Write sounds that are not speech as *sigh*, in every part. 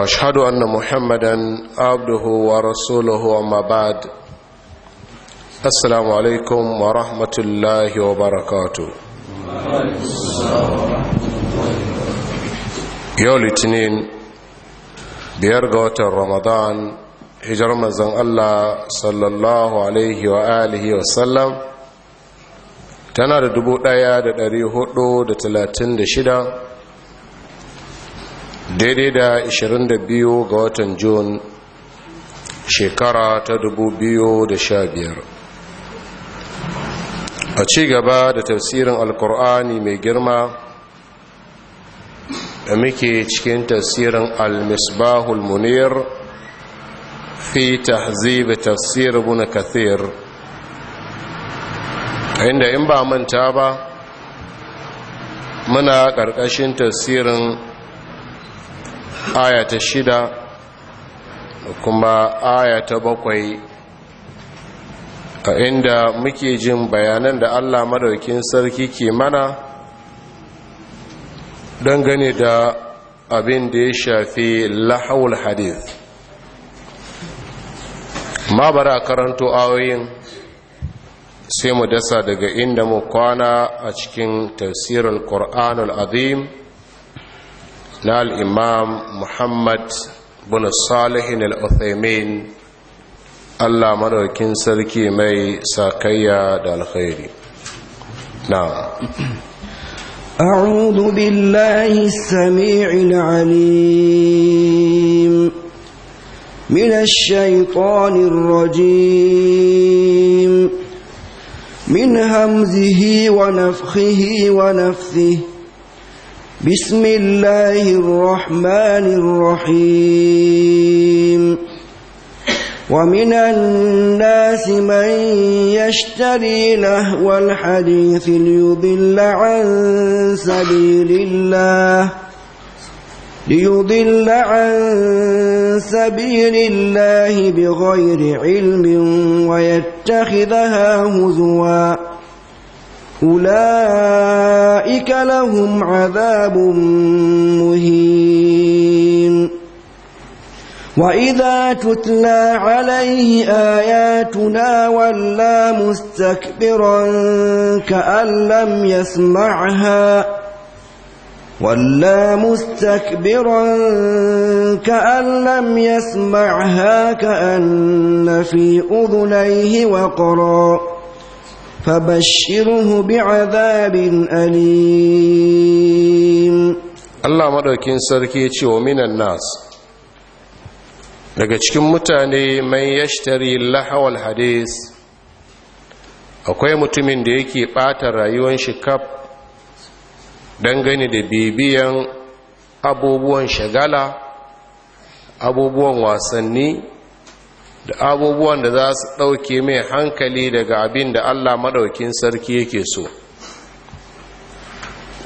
واشهد ان محمدا عبده ورسوله وما بعد السلام عليكم ورحمه الله وبركاته yau litinin biyar ga watan ramadan hijar manzan allah sallallahu tana da dubu ɗaya da da da talatin da shida. daidai da 22 ga watan jun shekara ta 2015 a ci gaba da tafsirin alkur'ani mai girma da muke cikin tafsirin al-misbahul munir fi tahzib tafsir ibn kathir inda in ba manta ba muna ƙarƙashin tafsirin aya ta shida kuma aya ta bakwai a inda muke jin bayanan da allah madaukin sarki ke mana dangane da abin da ya shafi lahawul hadith ma bara karanto ayoyin sai mu dasa daga inda mu kwana a cikin tafsirar Qur'anul Azim na al'imam muhammad bin salihin al'uthaimin allah maɗaukin sarki mai sakayya da alkhairi na أعوذ بالله السميع العليم من الشيطان الرجيم من همزه ونفخه ونفثه بسم الله الرحمن الرحيم ومن الناس من يشتري لهو الحديث ليضل عن سبيل الله ليضل عن سبيل الله بغير علم ويتخذها هزواً أولئك لهم عذاب مهين وإذا تتلى عليه آياتنا ولى مستكبرا كأن لم يسمعها ولى مستكبرا كأن لم يسمعها كأن في أذنيه وقرا فبشره بعذاب أليم الله مدوكين سركي يتشو من الناس daga cikin mutane mai yashtari lahawal hadis akwai mutumin da yake ɓata rayuwar shi kaf dangane da bibiyan abubuwan shagala abubuwan wasanni da abubuwan da za su ɗauke mai hankali daga abin da allah maɗaukin sarki yake so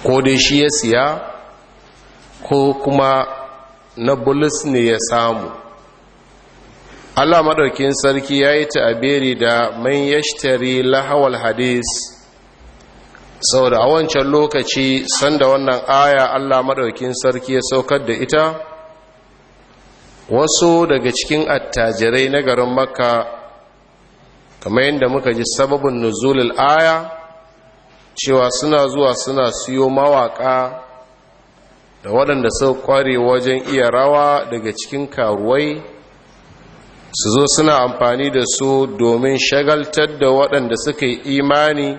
ko dai shi ya siya ko kuma na bulus ne ya samu allah maɗaukin sarki ya yi ta'abiri da man yashtari lahawal hadis sau da a wancan lokaci sanda wannan aya allah maɗaukin sarki ya saukar da ita wasu daga cikin attajirai na garin makka kamar yadda muka ji sababin nuzulul aya cewa suna zuwa suna siyo mawaka da waɗanda sau kware wajen iya rawa daga cikin karuwai su zo suna amfani da su domin shagaltar da waɗanda suka yi imani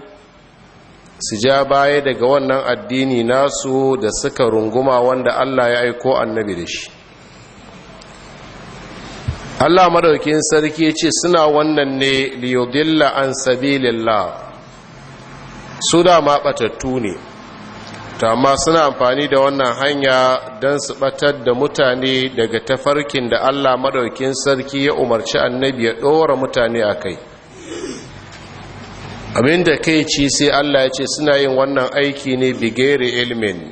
su ja baya daga wannan addini nasu da suka runguma wanda Allah ya aiko annabi da shi Allah madaukin sarki ya ce suna wannan ne liyudilla an sabilillah su da ma batattu ne amma suna amfani da wannan hanya don su batar da mutane daga tafarkin da Allah madaukin sarki ya umarci annabi ya ɗora mutane a kai abinda kai ci sai Allah ya ce suna yin wannan aiki ne bigere ilmin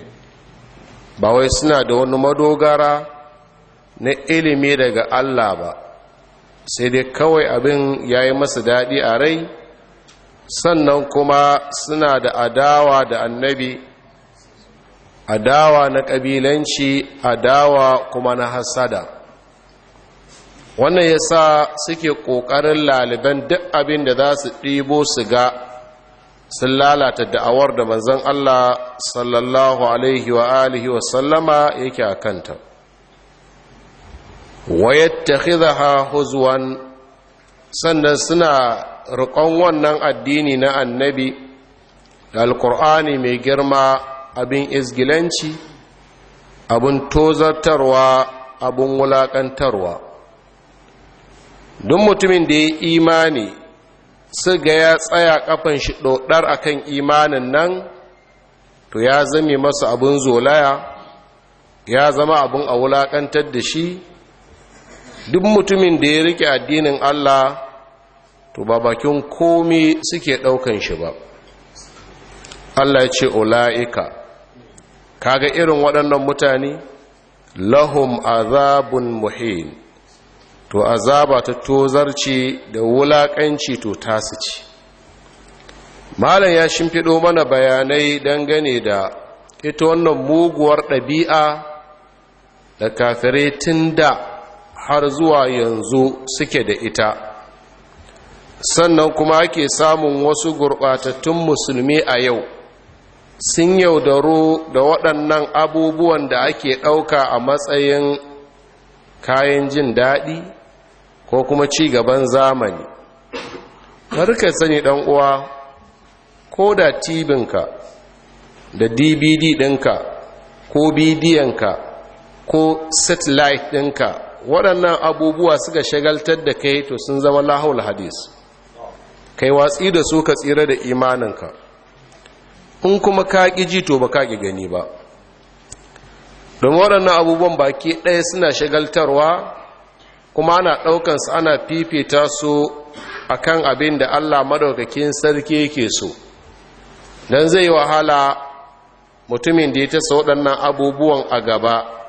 ba wai suna da wani madogara na ilimi daga Allah ba sai dai kawai abin ya yi masa daɗi a rai sannan kuma suna da adawa da annabi adawa na ƙabilanci adawa kuma na hasada wannan ya sa suke ƙoƙarin laliban duk abin da za su ɗibo su ga sun lalata da'awar da manzon Allah sallallahu alaihi wa alihi wa sallama yake a kanta wayattakhidha huzwan sannan suna riƙon wannan addini na annabi da alkur'ani mai girma abin izgilanci abin tozartarwa abin wulaƙantarwa duk mutumin da ya imani su ga ya tsaya kafan shi ɗoɗar akan imanin nan to ya zame masa abin zolaya ya zama abin a wulakantar da shi duk mutumin da ya rike addinin Allah to ba bakin komi suke daukan shi ba Allah ya ce ulaiika kaga irin waɗannan mutane lahum azabun muhin to azaba ta tozarci da wulakanci to tasu ci malam ya shimfiɗo mana bayanai dangane da ita wannan muguwar ɗabi'a da kafirai tun da har zuwa yanzu suke da ita sannan kuma ake samun wasu gurɓatattun musulmi a yau sun yaudaro da waɗannan abubuwan da ake ɗauka a matsayin kayan jin daɗi ko kuma ci gaban zamani ka sani ɗan uwa ko da tibinka da dvd ɗinka ko bidiyonka ko satellite ɗinka waɗannan abubuwa suka shagaltar da kai to sun zama lahaul hadis kai watsi da su ka tsira da imaninka in kuma ka ƙi ji to ba ka ƙi gani ba Don waɗannan abubuwan baki ɗaya suna shagaltarwa kuma ana ɗaukansu ana fifita su a kan abin da allah maɗaukakin sarki yake so don zai wahala mutumin da ya tasa waɗannan abubuwan a gaba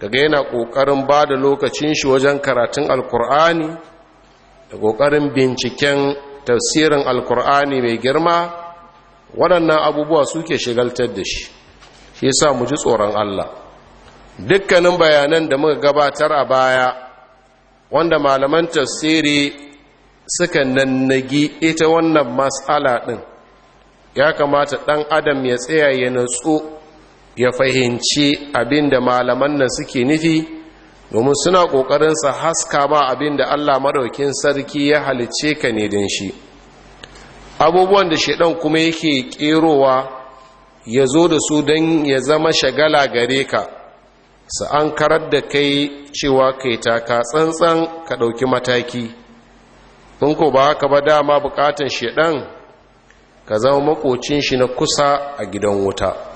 daga yana ƙoƙarin ba da lokacin shi wajen karatun alkur'ani da ƙoƙarin binciken tafsirin alkur'ani mai girma waɗannan abubuwa suke shigaltar da shi shi sa mu ji tsoron Allah dukkanin bayanan da muka gabatar a baya wanda malaman tafsiri suka nannagi ita wannan matsala ɗin ya kamata ɗan adam ya tsaya ya natsu ya fahimci abin da malaman nan suke nufi domin suna ƙoƙarin sa haska ba abin da allah maɗaukin sarki ya halicce ka ne don shi abubuwan da shaidan kuma yake ƙerowa ya zo da su don ya zama shagala gare ka sa an karar da kai cewa kai taka tsantsan ka ɗauki mataki in ko ba haka ba dama bukatan shaidan ka zama makocin shi na kusa a gidan wuta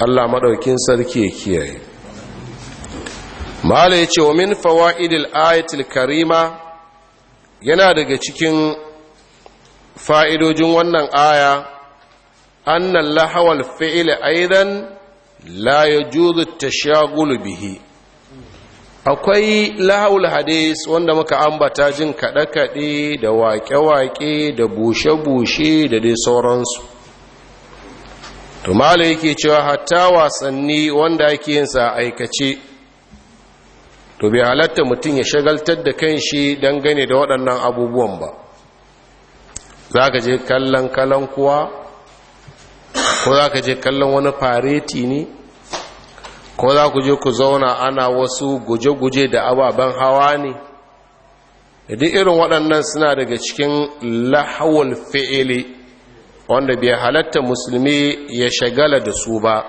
Allah maɗaukin sarki ya kiyaye mala yace wa min fawaidil ayatil karima yana daga cikin fa'idojin wannan aya annan lahawal fi'il aidan la ta tashagulu bihi akwai lahawul hadis wanda muka ambata jin kaɗe-kaɗe da waƙe-waƙe da bushe-bushe da dai sauransu to mala yake cewa hatta wasanni wanda ake yin sa aikace to bai halatta mutum ya shagaltar da kanshi shi dangane da waɗannan abubuwan ba za ka je kallon kalan kuwa ko za ka je kallon wani fareti ne ko za ku je ku zauna ana wasu guje-guje da ababen hawa ne da irin waɗannan suna daga cikin lahawar fi'ili wanda bai halatta musulmi ya shagala da su ba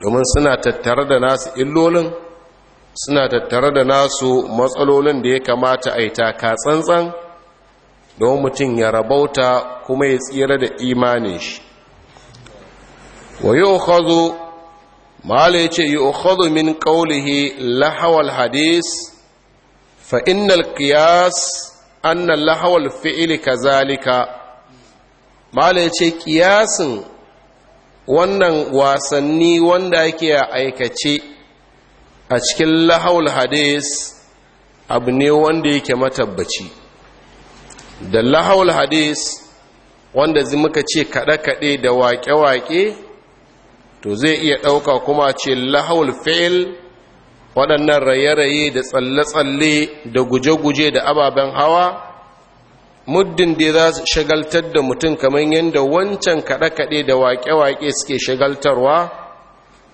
domin suna tattare da nasu illolin suna tattare da nasu matsalolin da ya kamata a yi taka tsantsan don mutum ya rabauta kuma ya tsira da imanin shi wa yi ukhazu mala ya ce yi ukhazu min kaulihi lahawal hadis fa kiyas, annan lahawal fi'ili kazalika mala ya ce kiyasin wannan wasanni wanda yake a aikace a cikin lahaul hadis abu ne wanda yake matabbaci da lahaul hadis wanda zai muka ce kaɗe-kaɗe da waƙe-waƙe to zai iya ɗauka kuma ce lahaul fail waɗannan raye-raye da tsalle-tsalle da guje-guje da ababen hawa muddin da za su shagaltar da mutum kamar yadda wancan kaɗe-kaɗe da waƙe-waƙe suke shagaltarwa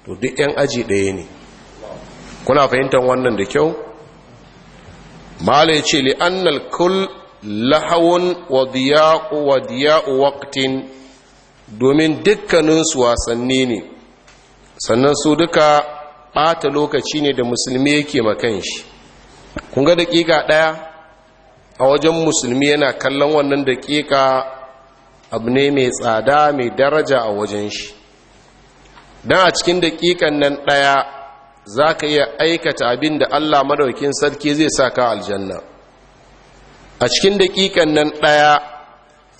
to duk 'yan aji ɗaya ne kuna fahimtar wannan da kyau malai ce li'annal kul lahawun wa waqtin domin dukkaninsu wasanni ne sannan su duka ɓata lokaci ne da musulmi yake makanshi shi kun ga daƙiƙa ɗaya a wajen musulmi yana kallon wannan daƙiƙa abu ne mai tsada mai daraja a wajen shi don a cikin daƙiƙan nan ɗaya za ka iya aikata abin da allah madaukin sarki zai sa ka aljanna a cikin daƙiƙan nan ɗaya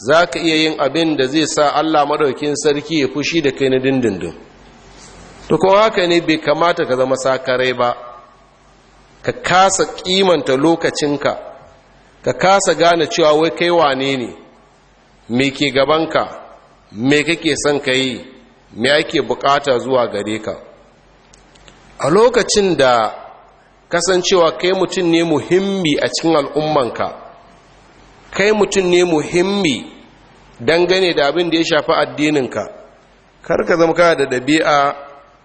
za ka iya yin abin da zai sa allah madaukin sarki ya fushi da kai na dindindin to kuma haka ne bai kamata ka zama sakarai ba ka kasa kimanta lokacinka ka kasa gane cewa wai kai wane ne me ke gabanka me kake son ka yi me ake bukata zuwa gare ka a lokacin da kasancewa kai mutum ne muhimmi a cikin al'ummanka kai mutum ne muhimmi dangane da abin da ya shafi addininka kar ka zama kana da dabi'a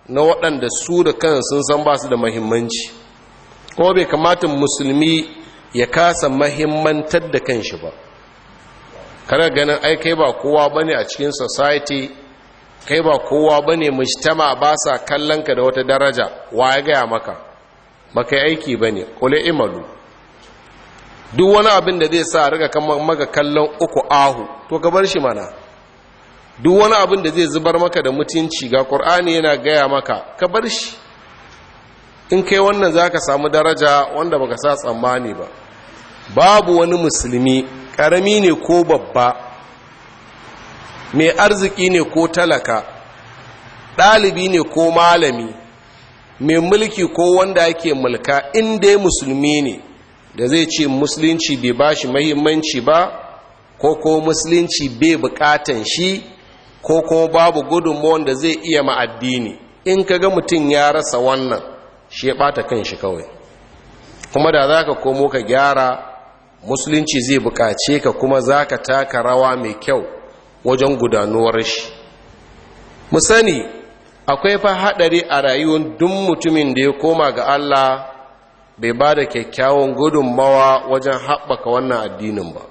na waɗanda su da kan sun san ba su da muhimmanci ko bai kamata musulmi ya kasa mahimmantar da kanshi ba kana ganin ai kai ba kowa bane a cikin society kai ba kowa bane mujtama ba sa kallon ka da wata daraja wa ya gaya maka kai aiki bane kule imalu duk wani abin da zai sa riga kan maka kallon uku ahu to ka bar shi mana duk wani abin da zai zubar maka da mutunci ga qur'ani yana gaya maka ka bar shi in kai wannan za ka samu daraja wanda baka sa tsammani ba babu wani musulmi ƙarami ne ko babba mai arziki ne ko talaka ɗalibi ne ko malami mai mulki ko wanda yake mulka in dai musulmi ne da zai ce musulunci bai bashi shi mahimmanci ba ko ko musulunci bai bukatan shi ko ko babu gudunmu da zai iya ma'addini in ka ga mutum ya rasa wannan shi ya ɓata kan shi kawai kuma da za ka komo ka gyara musulunci zai buƙace ka kuma za ka taka rawa mai kyau wajen gudanuwar shi mu sani akwai fa haɗari a rayuwar duk mutumin da ya koma ga allah bai ba da kyakkyawan gudunmawa wajen haɓaka wannan addinin ba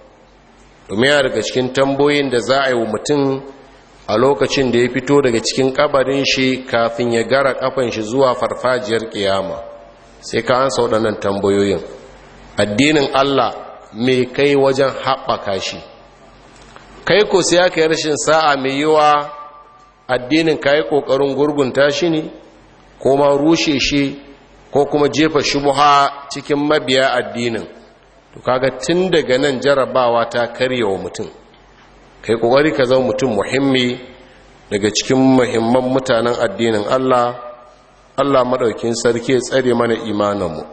domin yana daga cikin tambayoyin da za a yi wa mutum a lokacin da ya fito daga cikin kabarin shi kafin ya gara kafan shi zuwa farfajiyar kiyama sai ka ansa waɗannan tambayoyin addinin Allah mai kai wajen haɓaka shi kai ko sai aka yi rashin sa'a mai yiwa addinin ka yi ƙoƙarin gurgunta shi ne ko ma rushe shi ko kuma jefa shubuha cikin mabiya addinin to kaga tun daga nan jarabawa ta karyewa mutum kai kokari ka zama mutum muhimmi daga cikin muhimman mutanen addinin Allah Allah madaukin sarki ya tsare mana imaninmu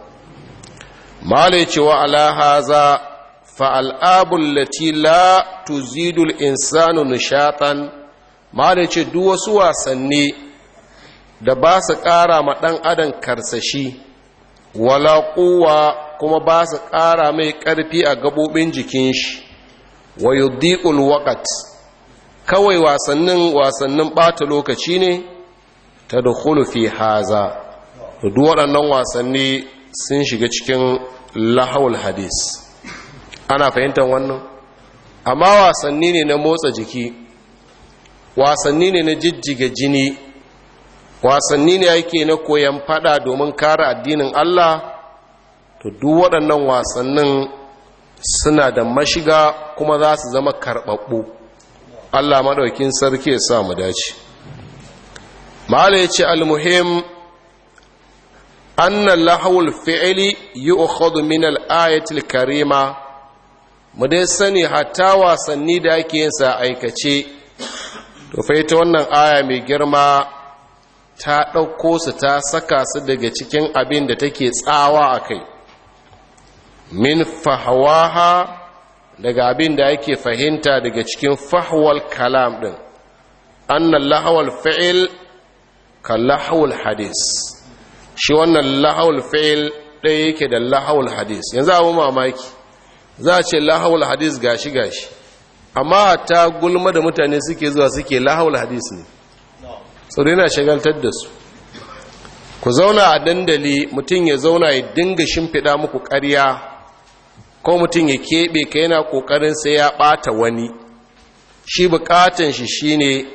malai cewa ala haza fa al'abul lati la al insanu nishatan malai ce duk wasu wasanni da ba su ƙara ma ɗan adam karsashi wala kuwa kuma ba su ƙara mai ƙarfi a gaɓoɓin jikin shi wa yudhi'ul waqt kawai wasannin wasannin bata lokaci ne ta fi haza duk waɗannan wasanni sun shiga cikin lahawul hadis ana fahimtar wannan amma wasanni ne na motsa jiki wasanni ne na jijjiga jini wasanni ne yake na koyan fada domin kare addinin Allah to duk waɗannan wasannin suna da mashiga kuma za su zama karɓaɓɓu allah maɗaukin sarki ya sa dace ma'ala ya ce almuhim nan lahawul fi'ili yi ukhudu min al'ayatul karima mu dai sani hatta wasanni da ake yin sa aikace to ta wannan aya mai girma ta ɗauko su ta saka su daga cikin abin da take tsawa a kai min fahawaha daga abin da yake fahimta daga cikin fahwal kalam din annan lahawal fa'il ka lahawar hadis shi wannan lahawal fa'il ɗaya yake da lahawal hadis yanzu abu mamaki za a ce lahawal hadis gashi gashi amma ta gulma da mutane suke zuwa suke lahawal hadis ne tsoro yana shagaltar da su ku zauna a dandali mutum ya zauna ya dinga shimfiɗa muku ƙarya ko mutum ya keɓe ka yana ƙoƙarin sai ya ɓata wani shi buƙatan shi shi ne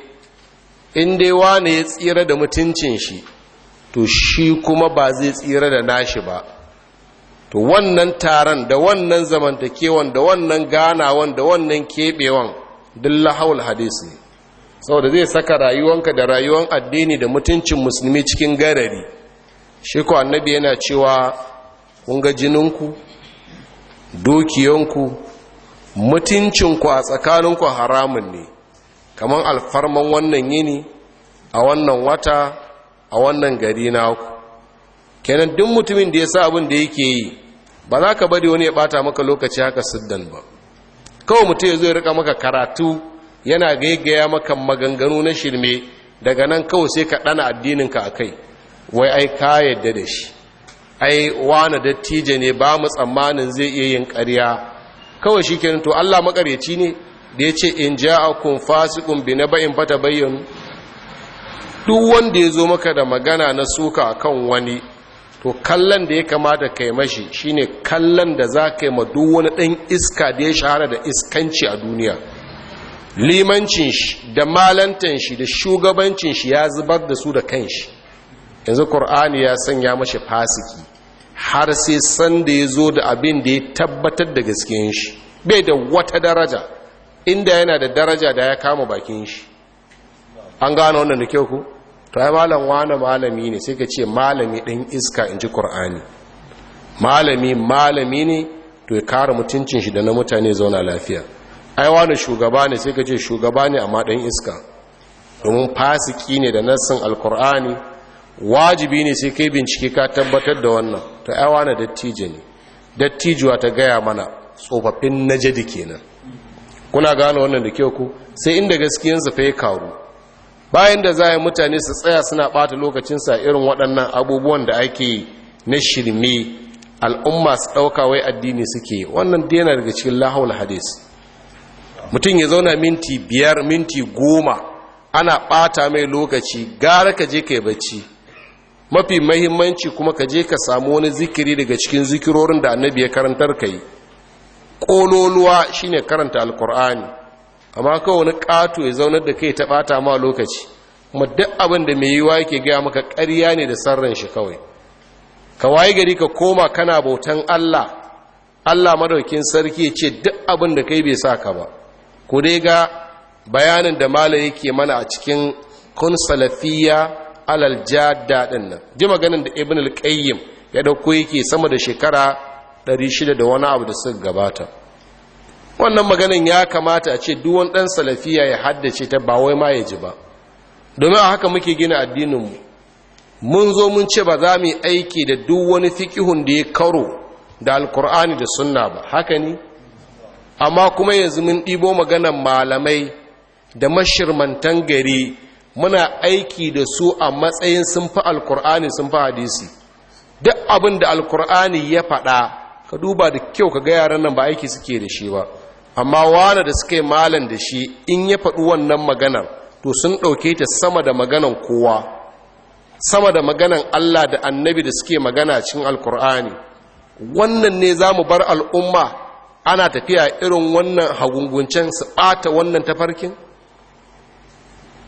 in dai wane ya tsira da mutuncin shi to shi kuma ba zai tsira da nashi ba to wannan taron da wannan zamantakewan da wannan ganawan da wannan keɓewan dilla haul hadisi ne saboda zai saka rayuwanka da rayuwan addini da mutuncin musulmi cikin gadari shi ko annabi yana cewa kun ga jininku dukiyanku mutuncinku a tsakaninku haramun ne kamar alfarman wannan yini a wannan wata a wannan gari naku kenan duk mutumin da ya sa abin da yake yi ba za ka bari wani ya bata maka lokaci haka siddan ba kawai mutum ya zo ya rika maka karatu yana gaigaya maka maganganu na shirme daga nan kawai sai ka ɗana addininka a kai wai ai ka yadda da shi ai wani dattijo ne ba mu tsammanin zai iya yin ƙarya kawai shi kenan to Allah makaryaci ne da ya ce in ja'akum fasiqun bi naba'in fatabayyanu duk wanda ya zo maka da magana na suka kan wani to kallon da ya kamata kai mashi shine kallon da za ka yi ma duk wani ɗan iska da ya shahara da iskanci a duniya limancin shi da malantan shi da shugabancin shi ya zubar da su da kanshi yanzu Kur'ani ya sanya mashi fasiki har sai sanda ya zo da abin da ya tabbatar da gaskiyan shi bai da wata daraja inda yana da daraja da ya kama bakin shi an gano wannan da kyau ku to ai malam wani malami ne sai ka ce malami ɗin iska in ji ƙur'ani malami malami ne to ya kara mutuncin shi da na mutane zauna lafiya ai wani shugaba ne sai ka ce shugaba ne amma ɗan iska domin fasiki ne da nassin alkur'ani wajibi ne sai kai bincike ka tabbatar da wannan ta yawa na dattijo ne dattijuwa ta gaya mana tsofaffin najadi kenan kuna gano wannan da kyau ku sai inda gaskiyansa fa ya karu bayan da za a yi mutane su tsaya suna ɓata lokacinsa irin waɗannan abubuwan da ake na shirme al'umma su ɗauka wai addini suke wannan yana daga cikin lahaul hadis mutum ya zauna minti biyar minti goma ana ɓata mai lokaci gara ka je ka yi bacci mafi mahimmanci kuma ka je ka samu wani zikiri daga cikin zikirorin da annabi ya karantar ka yi ƙololuwa shi ne karanta alkur'ani amma kawai wani ƙato ya zaunar da kai ta ɓata ma lokaci kuma duk abin da mai yiwa yake gaya maka ƙarya ne da sarran shi kawai ka waye gari ka koma kana bautan allah allah madaukin sarki ya ce duk abin da kai bai sa ka ba ku dai ga bayanin da malam yake mana a cikin kun salafiyya alal jadda din nan ji maganin da ibn al-qayyim ya dauko yake sama da shekara 600 da wani abu da suka gabata wannan maganin ya kamata a ce duk wani dan salafiya ya haddace ta ba wai ma ya ji ba domin a haka muke gina addinin mu mun zo mun ce ba za mu yi aiki da duk wani fiqhun da ya karo da alkur'ani da sunna ba haka ne amma kuma yanzu mun ɗibo maganan malamai da mashirmantan gari muna aiki da su a matsayin sun fi alkur'ani sun fi hadisi duk abin da alkur'ani ya faɗa ka duba da kyau ka ga yaran nan ba aiki suke da shi ba amma wane da suka yi malan da shi in ya faɗi wannan maganar to sun ɗauke ta sama da maganan kowa sama da maganan allah da annabi da suke magana cikin alkur'ani wannan ne za mu bar al'umma ana tafiya irin wannan hagunguncen su ɓata wannan tafarkin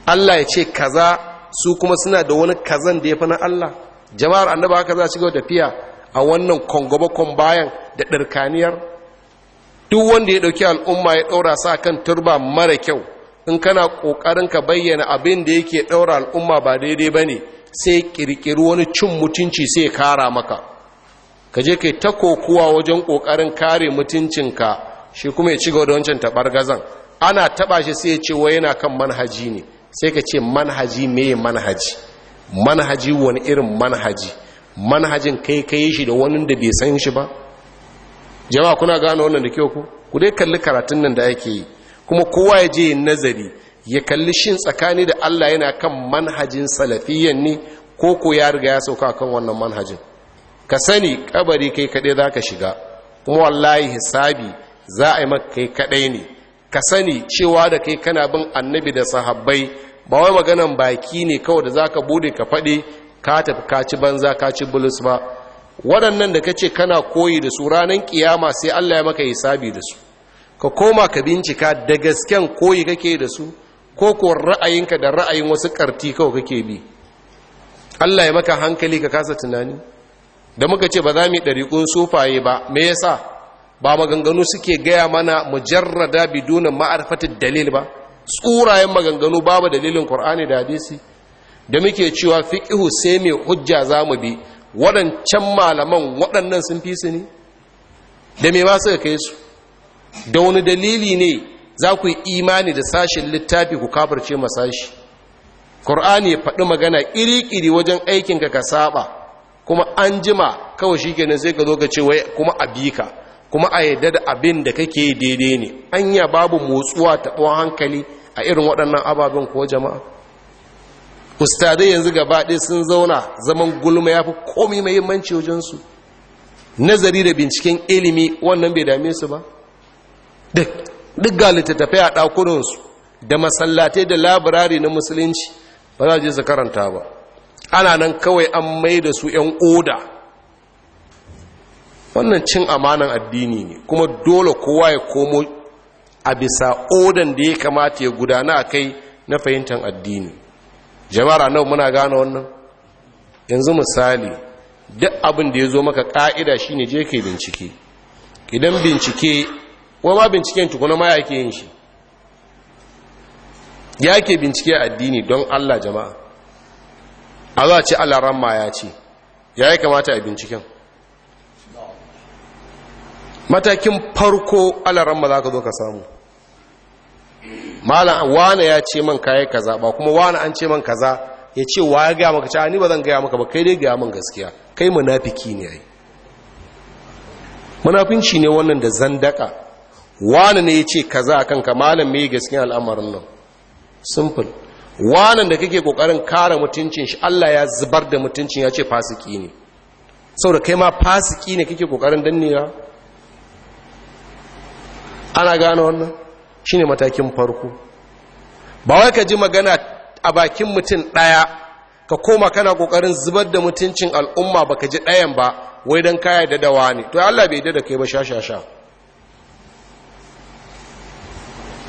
Allah ya ce kaza su kuma suna da wani kazan da ya fi na Allah jama'ar annaba haka za su ga tafiya a wannan kongobakon bayan da ɗarkaniyar duk wanda ya ɗauki al'umma ya ɗaura sa kan turba mara kyau in kana ƙoƙarin ka bayyana abin da yake ɗaura al'umma ba daidai ba ne sai ƙirƙiri wani cin mutunci sai kara maka ka je kai ta kokuwa wajen ƙoƙarin kare mutuncinka shi kuma ya ci gaba da wancan taɓar gazan ana taɓa shi sai ya ce wa yana kan manhaji ne sai ka ce manhaji mai manhaji manhaji wani irin manhaji manhajin kai kai shi da wani da bai san shi ba jama kuna gano wannan da kyau ku ku dai kalli karatun nan da ake yi kuma kowa ya je nazari ya kalli shin tsakani da Allah yana kan manhajin salafiyyan ne ko ko ya riga ya sauka kan wannan manhajin ka sani kabari kai kaɗai zaka shiga kuma wallahi hisabi za a yi maka kai kaɗai ne ka sani cewa da kai kana bin annabi da sahabbai ba wai maganan baki ne kawai da za ka bude ka faɗi ka tafi ka ci banza kaci bulus ba waɗannan da ka ce kana koyi da su ranar kiyama sai Allah ya maka hisabi da su ka koma ka bincika da gasken koyi kake da su ko ko ra'ayinka da ra'ayin wasu karti kawai kake bi Allah ya maka hankali ka kasa tunani da muka ce ba za mu yi ɗariƙun sufaye ba me yasa ba maganganu suke gaya mana mujarrada biduna ma'arfatin dalil ba tsurayen maganganu babu dalilin qur'ani da hadisi da muke cewa fiqhu sai mai hujja zamu bi waɗancan malaman waɗannan sun fi su ne da me ba suka kai su da wani dalili ne za ku yi imani da sashen littafi ku kafirce masashi qur'ani ya faɗi magana iri-iri wajen aikinka ka saba kuma an jima kawai shi kenan sai ka zo ka ce wai kuma abika kuma a yadda da abin da kake daidai ne anya babu motsuwa taɓon hankali a irin waɗannan ababen ko jama'a ustadai yanzu gaba ɗaya sun zauna zaman gulma ya fi komi mahimmanci wajensu nazari da binciken ilimi wannan bai dame su ba duk ga littattafai a ɗakuninsu da masallatai da labirari na musulunci ba za je su karanta ba ana nan kawai an mai da su 'yan oda wannan cin amanan addini ne kuma dole kowa ya komo a bisa odan da ya kamata ya gudana a kai na fahimtar addini jama'ar nau muna gane wannan yanzu misali duk abin da ya zo maka ka'ida shine je ke bincike idan bincike wa ma binciken tukuna ma yake yin shi ya ke bincike addini don allah jama'a a za a ce allah ramma ya ce ya yi kamata a binciken matakin farko alaramma za ka zo ka samu malam wane ya ce man kayi kaza ba kuma wane an ce man kaza ya ce wa ya gaya maka ce ni ba zan gaya maka ba kai dai gaya man gaskiya kai munafiki ne ai munafinci ne wannan da zandaka wane ne ya ce kaza akan ka malam mai gaskiya al'amarin nan simple wane da kake kokarin kare mutuncin shi Allah ya zubar da mutuncin ya ce fasiki ne saboda kai ma fasiki ne kake kokarin dannewa ana gano wannan shine matakin farko ba wai ka ji magana a bakin mutum ɗaya ka koma kana ƙoƙarin zubar da mutuncin al'umma ba ka ji ɗayan ba wai don kaya da dawa ne to Allah bai da kai ba sha-sha-sha.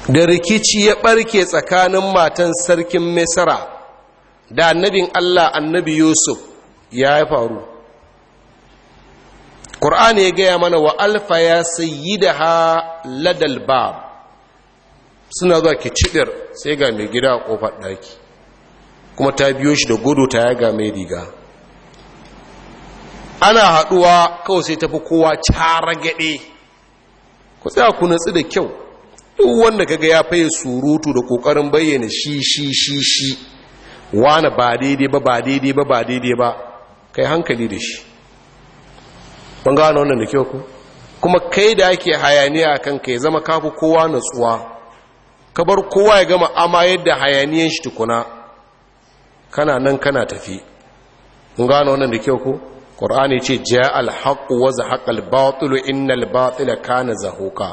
da rikici ya ɓarke tsakanin matan sarkin misra da annabin Allah annabi Yusuf ya yi faru ƙur'ani ya gaya mana wa alfa ya da ha ladal bab suna zuwa kicidir sai ga mai gida a ƙofar ɗaki kuma ta biyo shi da gudu ta yaga mai riga ana haɗuwa kawai sai tafi kowa cara gaɗe ku tsaya ku natsu da kyau duk wanda kaga ya faye surutu da ƙoƙarin bayyana shi shi shi shi wani ba daidai ba ba daidai ba ba daidai ba kai hankali da shi mun gano wannan da kyau ku kuma kai da ake hayaniya a kanka ya zama kafu kowa natsuwa ka bar kowa ya gama ama yadda hayaniyan shi tukuna kana nan kana tafi mun gano wannan da kyau ku qur'ani ce ja'a al-haqq wa zahaqa al innal batila kana zahuka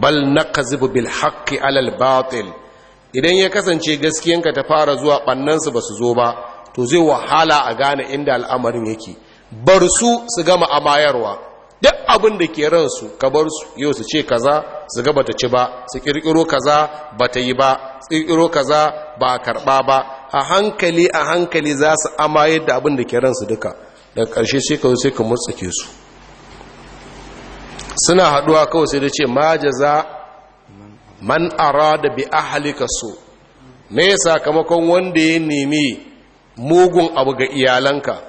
bal na bil zubu bilhaƙi al idan ya kasance gaskiyanka ta fara zuwa bannansu ba su zo ba to zai wahala a gane inda al'amarin yake bar su su gama amayarwa duk abin da ke ransu ka bar su yau su ce kaza su ga bata ci ba su kirkiro kaza bata yi ba kirkiro kaza ba karba ba a hankali a hankali za su amayar da abin da ke ransu duka daga ƙarshe sai ka sai ka murtsake su suna haduwa kawai sai da ce ma jaza man arada bi ahlika so me sakamakon wanda ya nemi mugun abu ga iyalanka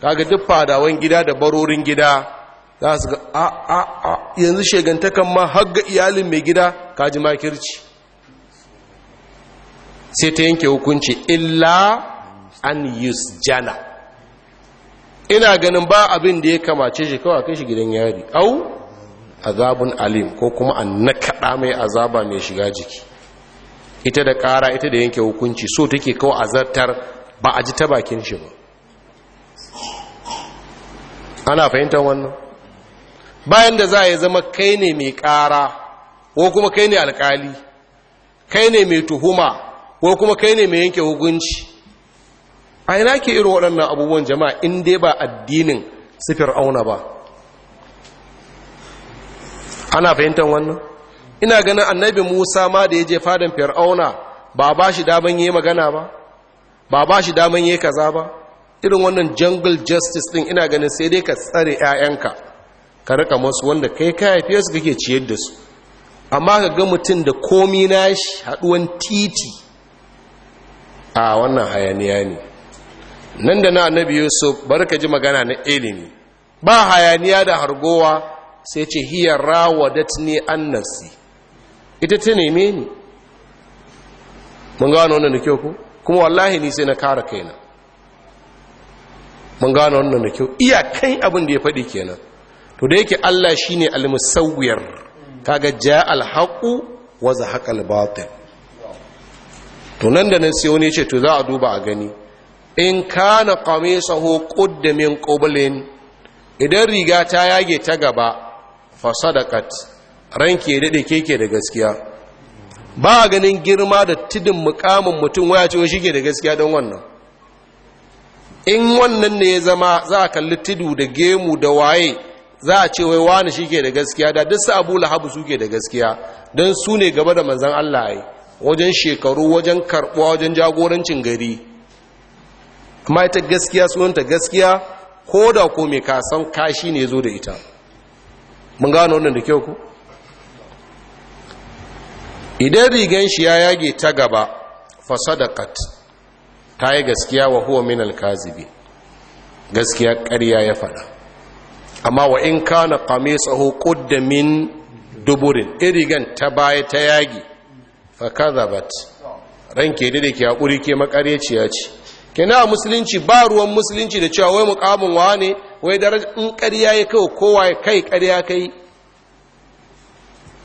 kaga duk fadawan gida da barorin gida za su ga a a a yanzu shegantakan ma har ga iyalin mai gida kaji makirci sai ta yanke hukunci illa an yusjana ina ganin ba abin da ya kamace shi kawai kai shi gidan yari au azabun alim ko kuma an nakaɗa mai azaba mai shiga jiki ita da ƙara ita da yanke hukunci so take kawai azartar ba a ji ta bakin shi ba ana fahimtar wannan bayan da za a yi zama kai ne mai ƙara ko kuma kai ne alkali kai ne mai tuhuma ko kuma kai ne mai yanke hukunci a ina ke irin waɗannan abubuwan jama'a in dai ba addinin sifir auna ba ana fahimtar wannan ina ganin annabi musa ma da ya je fadin fir'auna ba ba shi daman yi magana ba ba ba shi daman yi kaza ba irin wannan jungle justice din ina ganin sai dai ka tsare 'ya'yanka ka rika masu wanda kai ka haife su kake ciyar da su amma ka ga mutum da komi nashi haduwan titi a wannan hayaniya ne nan da na annabi yusuf bar ka ji magana na ilimi ba hayaniya da hargowa sai ce hiya rawadatni an nasi. ita ta neme ni mun gano wannan da kyau ku kuma wallahi ni sai na kara kaina mun gano wannan da kyau iyakan abin da ya faɗi kenan to da yake Allah shi ne almusawiyar kaga ja alhaƙu wa za haƙa albatin to nan da nan sai wani ce to za a duba a gani in kana ƙwame saho ƙuddamin qablin idan riga ta yage ta gaba fasadakat ranke da ya dade keke da gaskiya ba ganin girma da tidin mukamin mutum waya ce wa shi ke da gaskiya don wannan in wannan ne ya zama za a kalli tudu da gemu da waye za a ce wai wani shi ke da gaskiya da duk abu lahabu su ke da gaskiya don su ne gaba da manzan Allah ya wajen shekaru wajen karɓuwa wajen jagorancin gari amma ita gaskiya sunanta gaskiya ko da ko mai kasan kashi ne zo da ita mun gano wannan da kyau ku idan rigan shi ya yage ta gaba fasadakat Ta yi gaskiya wa huwa min alkazibi gaskiya ƙarya ya faɗa amma wa in kana ƙame tsaho ƙuddamin duburin irigan ta baya ta yagi fa kadhabat ranke dade ki hakuri ke makaryaciya ce kina musulunci ba ruwan musulunci da cewa wai wa ne? wai da in ƙarya ya kai kowa kai ƙarya kai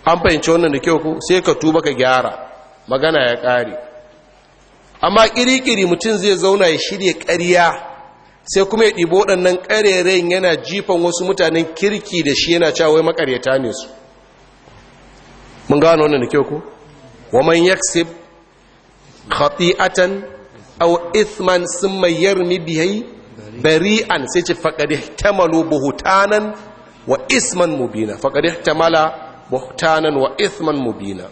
an fahimci wannan da kyau ko sai ka tuba ka gyara magana ya ƙare amma kirikiri mutum zai zauna ya shirya ƙarya sai kuma ya ɗibo waɗannan ƙarerayin yana jifan wasu mutanen kirki da shi yana cewa wai makaryata ne su mun gano wannan da kyau ko waman yaksib khati'atan aw ithman thumma yarmi bihi bari'an sai ce faqad ihtamalu buhtanan wa isman mubina faqad ihtamala buhtanan wa isman mubina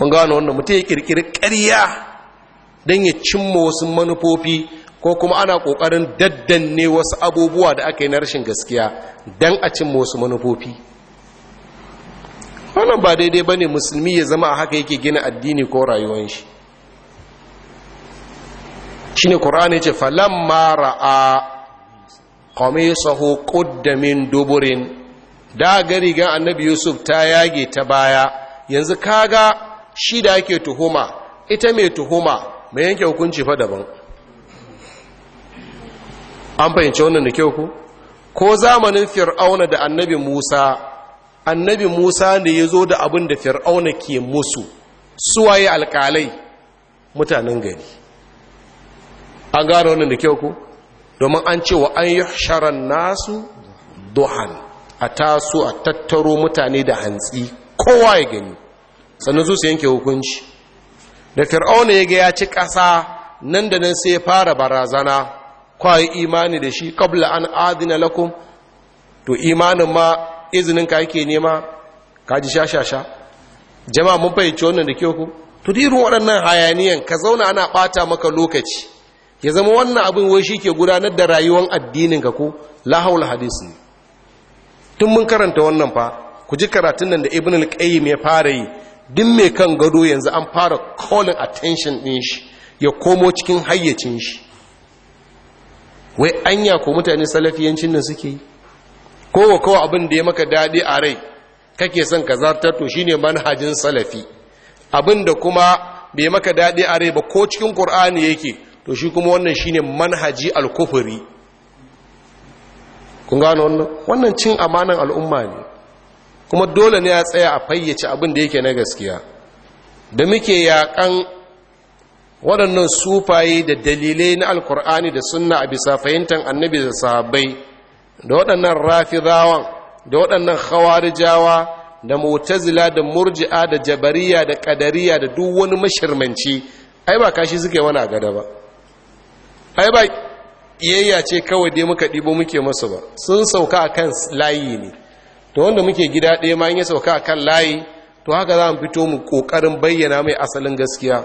mun gano wannan mutai kirkiri ƙarya don ya cimma wasu manufofi ko kuma ana ƙoƙarin daddanne wasu abubuwa da aka yi na rashin gaskiya don a cimma wasu manufofi wannan ba daidai ba ne musulmi ya zama a haka yake gina addini ko rayuwan shi shi ne ƙorani ce falon mara a kwamisahu ƙuddamin duburin da gari gan annabi yusuf ta yage ta baya yanzu kaga shi da ake tuhuma ita mai tuhuma mai yanke hukunci fa daban an fahimci wannan da kyau ku ko zamanin fir'auna da annabi musa annabi musa ne ya zo da abin da fir'auna ke musu suwaye alkalai mutanen gari an gano wannan da kyau ku domin an ce wa an yi sharan nasu duhan a taso a tattaro mutane da hantsi kowa ya gani sannan su su yanke hukunci da fir'auna ya ga ya ci ƙasa nan da nan sai ya fara barazana kwaye imani da shi kabla an adina lakum to imanin ma izinin ka yake nema ka ji shashasha jama'a mun fahimci wannan da kyau ku to irin waɗannan hayaniyan ka zauna ana ɓata maka lokaci ya zama wannan abin wai shi ke gudanar da rayuwar addinin ka ko lahaul hadis ne tun mun karanta wannan fa ku ji karatun nan da ibn al-qayyim ya fara yi din mai kan gado yanzu an fara calling attention din shi ya komo cikin hayyacin shi wai anya ko mutane salafiyancin nan suke yi kowa kowa abin da ya maka daɗi a rai kake son ka zartar to shine manhajin salafi abin da kuma bai maka daɗi a rai ba ko cikin ƙur'ani yake to shi kuma wannan shine manhaji alkufuri kun gano wannan cin amanan al'umma ne kuma dole ne ya tsaya a fayyace abin da yake na gaskiya da muke yaƙan waɗannan sufaye da dalilai na alkur'ani da sunna a bisa fahimtar annabi da sahabbai da waɗannan rafidawan da waɗannan khawarijawa da mutazila da murji'a da jabariya da ƙadariya da duk wani mashirmanci ai ba kashi suke wani a gada ba ai ba iyayya ce kawai dai muka ɗibo muke masu ba sun sauka a kan layi ne to wanda muke gida ɗaya ma in ya sauka a kan layi to haka za mu fito mu ƙoƙarin bayyana mai asalin gaskiya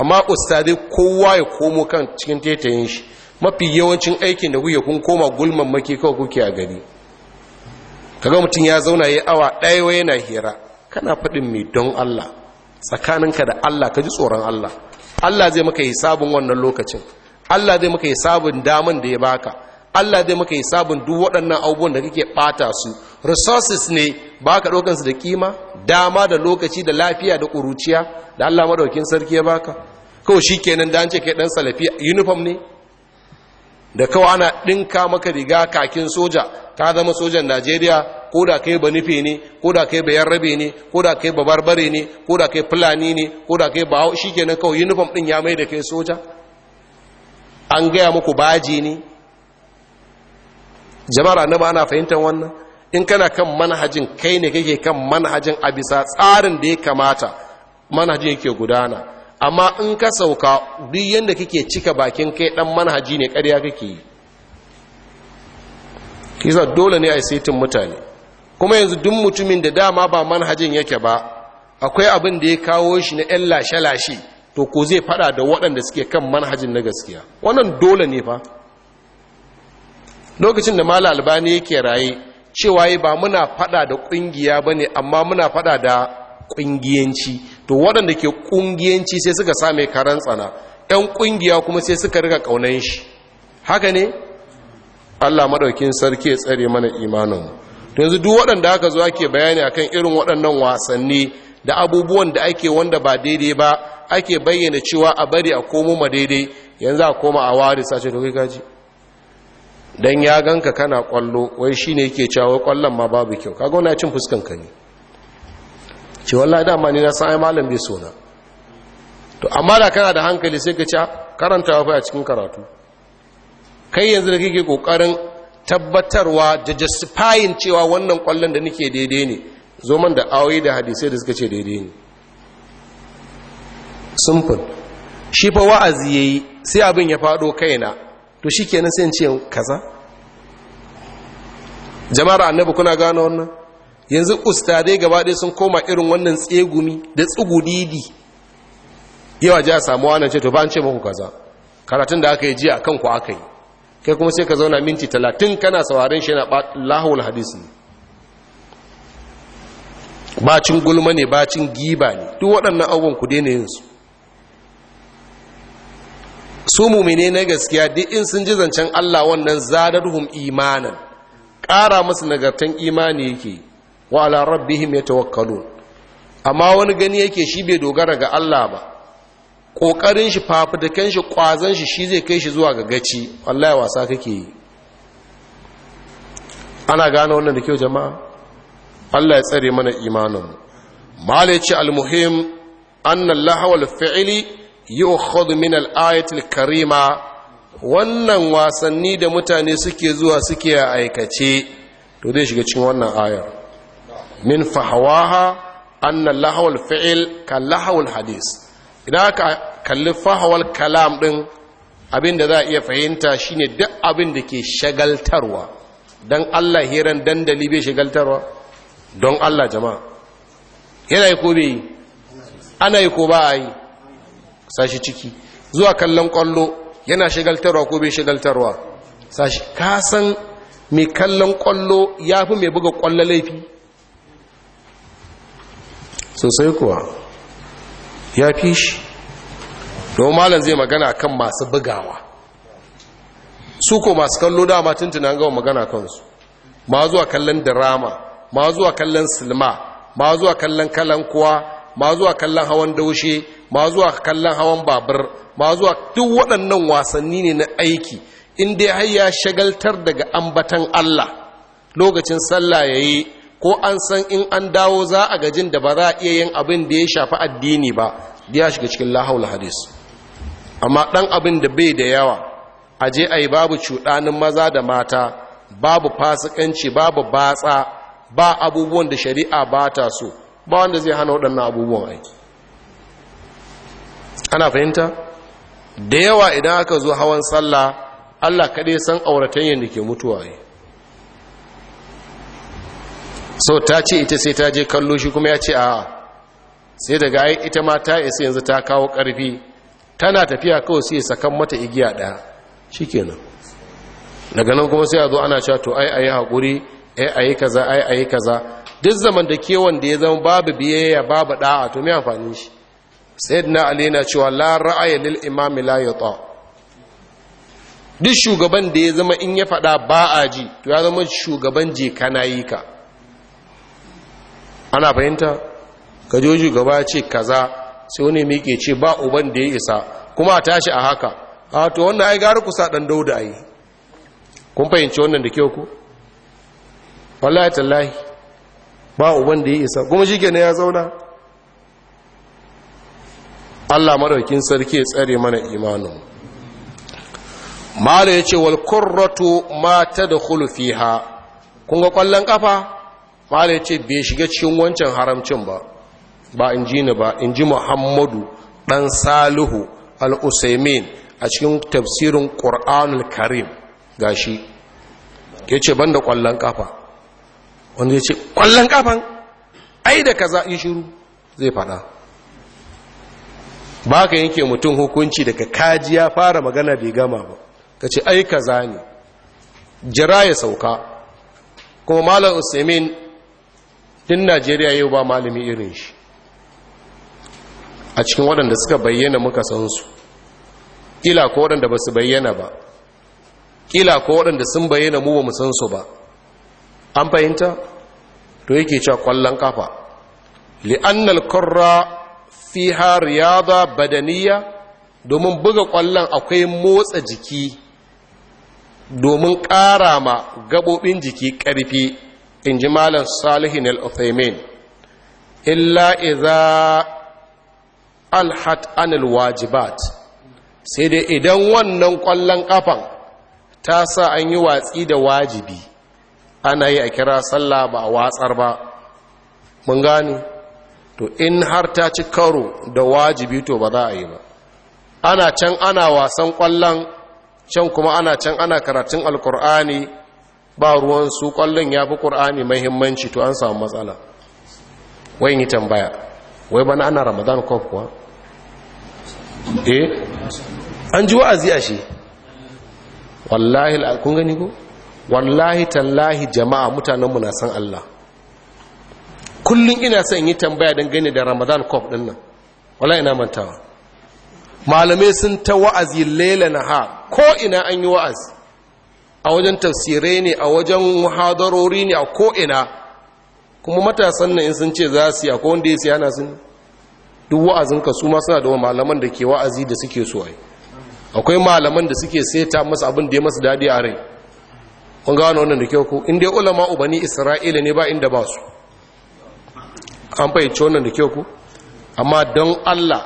amma ustadi kowa ya komo kan cikin tetayen shi mafi yawancin aikin da kuke kun koma gulman maki kawai kuke a gari kaga mutum ya zauna ya awa ɗaya yana hira kana faɗin mai don Allah tsakaninka da Allah ka ji tsoron Allah Allah zai maka hisabin wannan lokacin Allah zai maka hisabin daman da ya baka Allah zai maka sabon duk waɗannan abubuwan da kake ɓata su resources ne ba ka su da kima dama da lokaci da lafiya da ƙuruciya da Allah maɗaukin sarki ya baka kawo shi kenan da an ce kai ɗan salafi uniform ne da kawo ana ɗinka maka riga kakin soja ka zama sojan najeriya ko da kai ba nufi ne ko da kai bayan rabe ne ko da kai ba barbare ne ko da kai fulani ne ko da kai ba shi kenan kawo uniform ɗin ya mai da kai soja an gaya muku baji ne jama'ar annaba ana fahimtar wannan in kana kan manhajin kai ne kake kan manhajin a bisa tsarin da ya kamata manhajin yake gudana amma in ka sauka duk yadda kake cika bakin kai dan manhaji ne ƙarya kake yi kisa dole ne a saitin mutane kuma yanzu duk mutumin da dama ba manhajin yake ba akwai abin da ya kawo shi na 'yan lashe-lashe to ko zai fada da waɗanda suke kan manhajin na gaskiya wannan dole ne fa lokacin da mala albani yake raye cewa yi ba muna fada da kungiya ba ne amma muna fada da kungiyanci to waɗanda ke kungiyanci sai suka same karan tsana 'yan kungiya kuma sai suka rika kaunan shi haka ne allah maɗaukin sarki ya tsare mana imaninmu yanzu duk waɗanda aka zo ake bayani akan irin waɗannan wasanni da abubuwan da ake wanda ba daidai ba ake bayyana cewa a bari a komo ma daidai yanzu a koma a wari sace to kai don ya gan ka kana kwallo wai shi ne yake cewa kwallon ma babu kyau kaga wani cin fuskan ka ne ce wallah amma ni na san ai malam bai sona to amma da kana da hankali sai ka karanta ah, karantawa a cikin karatu kai yanzu da kake kokarin tabbatarwa da justifying cewa wannan kwallon da nake daidai ne zo man da awai da hadisai da suka ce daidai ne simple shi fa wa'azi yayi sai abin ya fado kaina to shi kenan sai ce kaza jama'ar annabi kuna gano wannan yanzu ustadai gaba ɗaya sun koma irin wannan tsegumi da tsugudidi yawa ji a samu wannan ce to ba an ce muku kaza karatun da aka yi ji a kanku aka yi kai kuma sai ka zauna minti talatin kana sauraron shi na lahul hadisi bacin gulma ne bacin giba ne duk waɗannan abubuwan ku daina su su mumine na gaskiya duk in sun ji zancen Allah wannan zadarhum imanan ƙara musu nagartan imani yake wa ala rabbihim yatawakkalun amma wani gani yake shi bai dogara ga Allah ba ƙoƙarin shi fafutukan shi kwazan shi shi zai kai shi zuwa ga gaci wallahi wasa kake yi ana gane wannan da kyau jama'a Allah ya tsare mana imanin mu yace ce almuhim annal lahawal fi'ili yu'khadhu min al-ayatil karima wannan wasanni da mutane suke zuwa suke a aikace to zai shiga cikin wannan ayar min fahawaha anna lahawul fi'il ka lahawul hadis idan aka kalli fahawal kalam din abin da za a iya fahimta shine duk abin da ke shagaltarwa don Allah hiran dandali bai shagaltarwa don Allah jama'a yana yi ko bai ana yi ko ba a sashi ciki zuwa kallon kwallo yana shigaltarwa ko bai shigaltarwa sashi ka san mai kallon kwallo ya fi mai buga kwallo laifi sosai kuwa ya fi shi don malam zai magana kan masu bugawa su ko masu kallo dama tuntuna gawa magana kansu ma zuwa kallon drama ma zuwa kallon silma ma zuwa kallon kalankuwa ma zuwa kallon hawan daushe ma zuwa kallon hawan babur ma zuwa duk waɗannan wasanni ne na aiki in dai har ya shagaltar daga ambatan Allah lokacin sallah yi ko an san in an dawo za a gajin da ba za a iya yin abin da ya shafi addini ba ya shiga cikin lahaul hadis amma dan abin da bai da yawa a je a yi babu cuɗanin maza da mata babu fasikanci babu batsa ba abubuwan da shari'a ba ta so ba wanda zai hana waɗannan abubuwan ai ana fahimta da yawa idan aka zo hawan sallah allah kaɗai san auratan da ke mutuwa ai so ta ce ita sai ta je kallo shi kuma ya ce a sai daga ai ita ma ta isa yanzu ta kawo ƙarfi tana tafiya kawai sai sakan mata igiya ɗaya shi kenan daga nan kuma sai a zo ana sha to ai a yi haƙuri ai a yi kaza ai a yi kaza duk zaman da kewan da ya zama babu biyayya babu da'a to me amfani shi sayyidina ali na cewa la ra'aya lil imami la yuta duk shugaban da ya zama in ya faɗa ba a ji to ya zama shugaban je kana yi ka ana fahimta ka jo shugaba ce kaza sai wani miƙe ce ba uban da ya isa kuma a tashi a haka a to wannan ai gara kusa ɗan dauda ai kun fahimci wannan da kyau ku wallahi tallahi ba uban da ya isa kuma shi ya zauna allah maraukin sarki ya tsare mana imanin mala ya ce wal kurratu mata da da fiha kun ga kwallon kafa mala ya ce bai shiga cikin wancan haramcin ba ba in ji ba in ji muhammadu dan salihu al-usaimin a cikin tafsirin ƙur'anul karim gashi ya ce ban da kwallon ƙafa. wanda ya ce ƙwallon ƙafan ai da kaza yi shiru zai faɗa ba ka yanke mutum hukunci daga kaji ya fara magana bai gama ba ka ce ai kaza ne jira ya sauka kuma malar usaimin din najeriya yau ba malami irin shi a cikin waɗanda suka bayyana muka san su ƙila ko waɗanda ba su bayyana ba ƙila ko waɗanda sun bayyana mu ba mu san su ba an fahimta to yake cewa kwallon kafa li'annal kurra har riyada badaniya domin buga kwallon akwai motsa jiki domin ƙara ma gabobin jiki ƙarfi in ji malam salihin al-uthaymin illa iza alhat anil wajibat sai dai idan wannan ƙwallon ƙafan ta sa an yi watsi da wajibi ana yi a kira sallah ba a watsar ba mun gani to in har ta ci karo da wajibi to ba za a yi ba ana can ana wasan kwallon can kuma ana can ana karatun alkur'ani ba ruwan su kwallon ya fi kur'ani mahimmanci to an samu matsala wai yi tambaya wai bana ana ramadan kof kuwa eh an ji wa'azi a shi wallahi al'akun gani ko wallahi tallahi jama'a mutanenmu na san Allah kullum ina son yi tambaya don gani da ramadan kof din nan wallahi ina mantawa malamai sun ta wa'azi lela na ha ko ina an yi wa'azi a wajen tafsirai ne a wajen muhadarori ne a ko ina kuma matasan nan in sun ce za su yi wanda ya siya na sun duk wa'azinka su ma suna da malaman da ke wa'azi da suke so akwai malaman da suke seta masa abin da ya masu dadi a rai kun gano wannan da kyau ku inda ulama ubani isra'ila ne ba inda ba su an fahimci wannan da kyau ku amma don Allah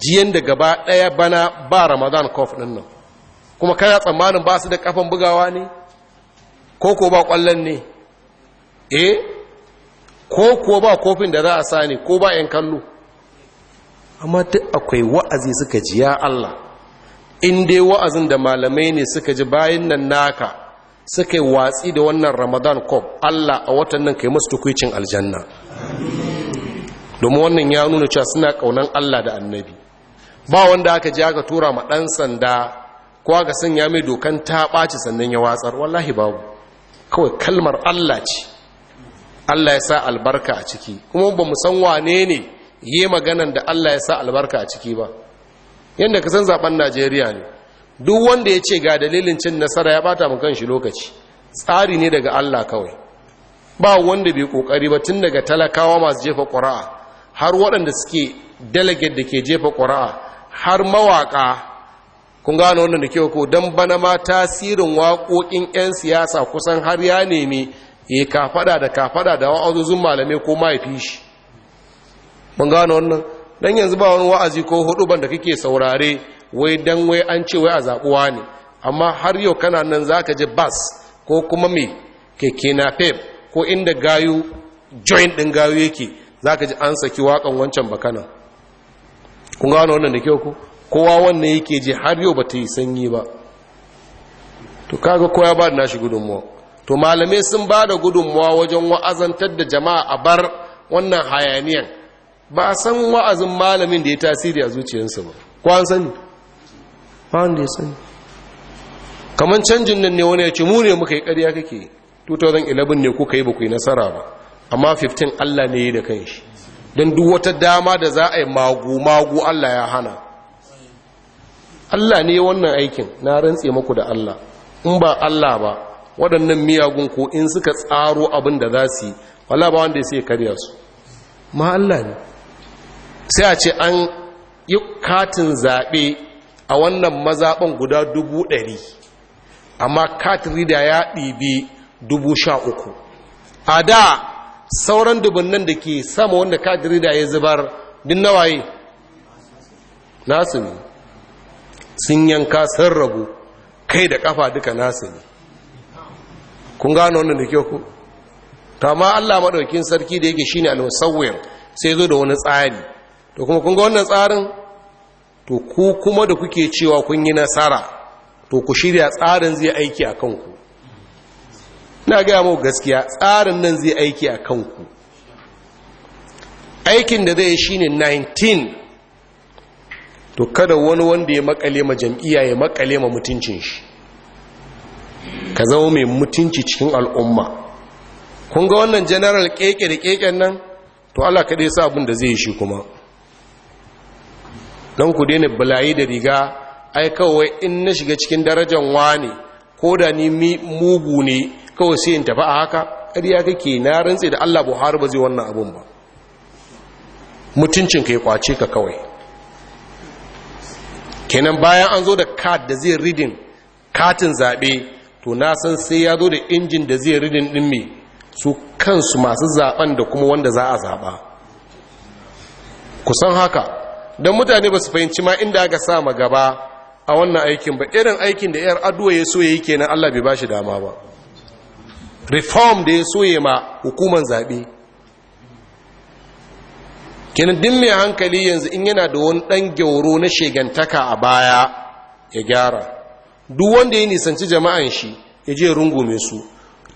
jiyan da gaba ɗaya bana ba ramadan kof ɗin nan kuma kana tsammanin ba su da kafan bugawa ne ko ko ba kwallon ne eh ko ko ba kofin da za a sa ne ko ba 'yan kallo amma duk akwai wa'azi suka ji ya Allah in dai wa'azin da malamai ne suka ji bayan nan naka suka yi watsi da wannan ramadan kof allah a watan nan ka yi masu tukwicin aljanna domin wannan ya nuna cewa suna kaunan allah da annabi ba wanda aka ji aka tura ma ɗan sanda ko aka ya mai dokan ta ɓaci sannan ya watsar wallahi babu kawai kalmar allah ce allah ya sa albarka a ciki kuma ba mu san wane ne yi maganan da allah ya sa albarka a ciki ba yadda ka san zaben najeriya ne duk wanda ya ce ga dalilin cin nasara ya bata mu shi lokaci tsari ne daga Allah kawai ba wanda bai kokari ba tun daga talakawa masu jefa ƙura'a har waɗanda suke delegate da ke jefa ƙura'a har mawaƙa kun gano wannan da ke ko don bana ma tasirin waƙoƙin 'yan siyasa kusan har ya nemi ya ka fada da ka fada da wa'azozin malamai ko mahaifi shi mun gano wannan don yanzu ba wani wa'azi ko hudu ban da kake saurare wai dan wai an ce wai a zaɓuwa ne amma har yau kana nan za ka je bas ko kuma mai keke na napep ko inda gayu join din gayu yake ka ji an saki waƙon wancan bakana kun gano wannan da kyau ku? kowa wannan yake ji har yau ba ta yi sanyi ba to kaga kowa ba da nashi gudunmuwa to malamai sun ba da gudunmuwa wajen wa'azantar da jama'a a bar wannan hayaniyan ba a san wa'azin malamin da ya tasiri a zuciyarsa ba ko an sani wanda ya sani kamar canjin nan ne wani ya ce mu ne muka yi ƙarya kake 2011 ne kuka yi bakwai nasara ba amma 15 allah ne yi da kanshi don duk wata dama da za a yi magu-magu allah ya hana allah ne wannan aikin na rantse maku da allah in ba allah ba waɗannan miyagun ko in suka tsaro abin da za su yi wala ba wanda ya sai karya su ma allah ne sai a ce an yi katin zaɓe a wannan mazaɓan guda dubu ɗari amma katiri da ya ɗibi dubu sha uku a da sauran nan da ke sama wanda katiri da ya zubar din nawaye nasu ne sun yanka sun rabu kai da kafa duka nasu ne kun gano wannan da ke ku ta allah maɗaukin sarki da yake shine al sai zo da wani tsari to kuma kun ga wannan tsarin to ku kuma da kuke cewa kun yi nasara to ku shirya tsarin zai aiki a kanku na gaya mau gaskiya tsarin nan zai aiki a kanku aikin da zai shi ne 19 to kada wani wanda ya makale ma jam'iyya ya makale ma mutuncin shi ka zama mai mutunci cikin al'umma kun ga wannan general keke da keken nan to allah kaɗai sa abin da zai shi kuma don ku daina balayi da riga ai kawai in na shiga cikin darajan wani ko da ni mugu ne kawai sai in tafi a haka ya kake na rantse da Allah Buhari ba zai wannan abun ba mutuncin ka ya kwace ka kawai kenan bayan an zo da kad da zai ridin katin zaɓe to na san sai ya zo da injin da zai ridin ɗin me su kansu masu zaɓen da kuma wanda za a zaɓa kusan haka don mutane ba su fahimci ma inda aka sa ma gaba a wannan aikin ba irin aikin da yar aduwa ya soye yake nan Allah bai ba shi dama ba reform da ya soye ma hukumar zaɓe kenan din mai hankali yanzu in yana da wani ɗan gyauro na shegantaka a baya ya gyara duk wanda ya nisanci jama'an shi ya je rungume su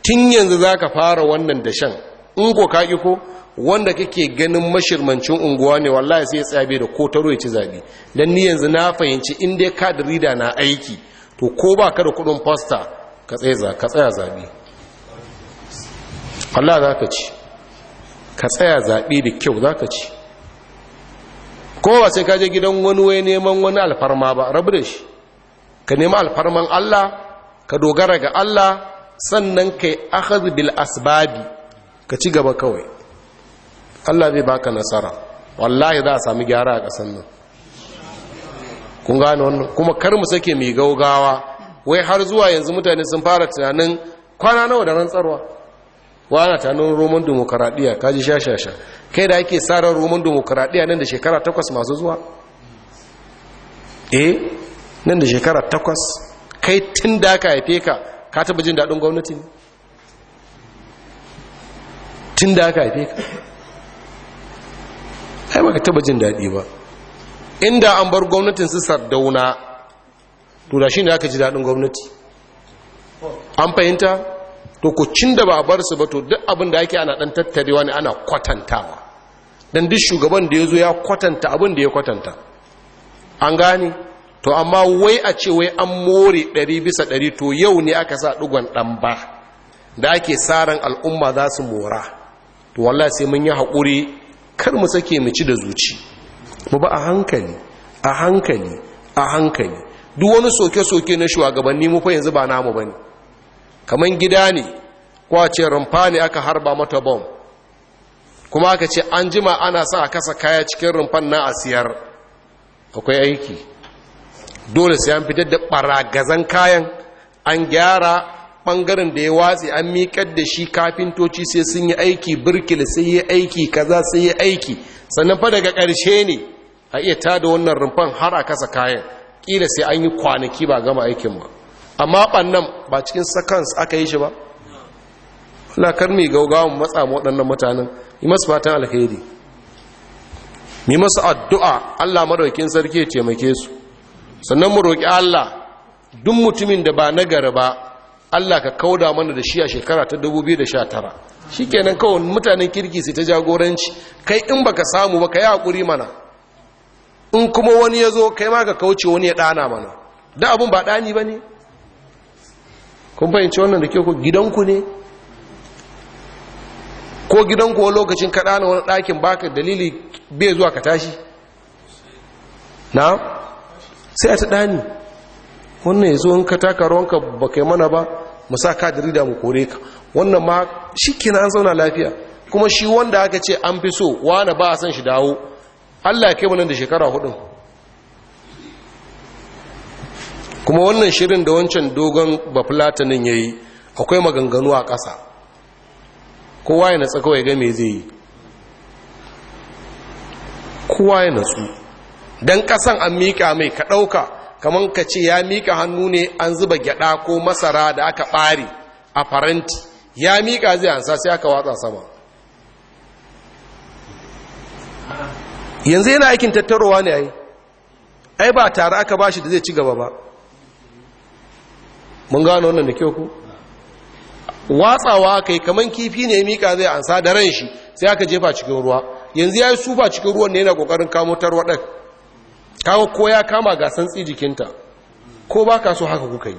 tun yanzu za ka fara wannan dashen in ko ka ko wanda kake ganin mashirmancin unguwa ne wallahi sai ya tsabe da ko taro ya ci zabi dan ni yanzu na fahimci in dai ka da rida na aiki to ko ba ka da kudin fasta ka tsaya za ka tsaya zabi Allah za ka ci ka tsaya zabi da kyau za ka ci ko ba sai ka je gidan wani wai neman wani alfarma ba rabu da shi ka nemi alfarman Allah ka dogara ga Allah sannan kai akhadh bil asbabi ka ci gaba kawai Allah zai baka nasara wallahi za a sami gyara a ƙasar nan kun gane wannan kuma kar mu sake mai gaugawa wai har zuwa yanzu mutane sun fara tunanin kwana nawa da rantsarwa wa ana tunanin roman demokaradiyya kaji shashasha kai da ake sa ran roman demokaradiyya nan da shekara takwas masu zuwa eh nan da shekara takwas kai tun da ka haife ka ka taba jin daɗin gwamnati ne tun da ka haife ka ai baka taba jin daɗi ba inda an bar gwamnatin su sardauna to da shi ne aka ji daɗin gwamnati an fahimta to ku da ba a bar su ba to duk abin da ake ana ɗan tattarewa ne ana kwatantawa don duk shugaban da ya zo ya kwatanta abin da ya kwatanta an gane to amma wai a ce wai an more ɗari bisa ɗari to yau ne aka sa ɗugon ɗan ba da ake tsarin al'umma za su mora to wallah sai mun yi haƙuri kar mu sake mu ci da zuci mu ba a hankali a hankali a hankali duk wani soke-soke na shugabanni mu fa yanzu ba namu bane kaman gida ne ce rumfa ne aka harba mata bom kuma aka ce an jima ana sa a kasa kaya cikin rumfan na a siyar akwai aiki dole sai an fitar da baragazan kayan an gyara ɓangaren da ya watse an miƙar da shi kafintoci sai sun yi aiki birkil sai yi aiki kaza sai yi aiki sannan fa daga ƙarshe ne a iya tada wannan rumfan har a kasa kayan ƙila sai an yi kwanaki ba gama aikin ba amma ɓannan ba cikin seconds aka yi shi ba lakar mai gaugawan matsa waɗannan mutanen yi masu fatan alheri yi masu addu'a allah maɗaukin sarki ya taimake su sannan mu roƙi allah duk mutumin da ba gara ba Allah ka kauda mana da shi a shekara ta 2019 kenan kawai mutanen kirki su ta jagoranci kai in baka samu ba ka yi hakuri mana in kuma wani ya zo kai ma ka kauce wani ya dana mana da abin ba dani ba ne kun fahimci wannan da ke ku gidanku ne ko gidanku wani lokacin ka dana wani ɗakin baka dalili bai zuwa ka tashi na sai a ta ɗani. wannan yanzu in ka taka ruwanka ba kai mana ba mu sa ka jarida mu kore ka wannan ma shi kina an zauna lafiya kuma shi wanda aka ce an fi so wani ba a san shi dawo allah ya kai mana da shekara hudun kuma wannan shirin da wancan dogon bafulatanin ya yi akwai maganganu a ƙasa kowa ya natsa kawai game zai yi kowa ya natsu don ƙasan an miƙa mai ka ɗauka kamar ka ce ya miƙa hannu ne an zuba gyaɗa ko masara da aka ɓare a faranti ya miƙa zai ansa sai aka watsa sama yanzu yana aikin tattarowa ne ai ai ba tare aka bashi da zai ci gaba ba mun gano wannan da kyau ku watsawa kai kaman kifi ne miƙa zai ansa da ran shi sai aka jefa cikin ruwa yanzu ya yi sufa cikin ruwan ne yana ƙoƙarin kamo tarwaɗar kawo ko ya kama ga santsi jikinta ko ba ka so haka kuka yi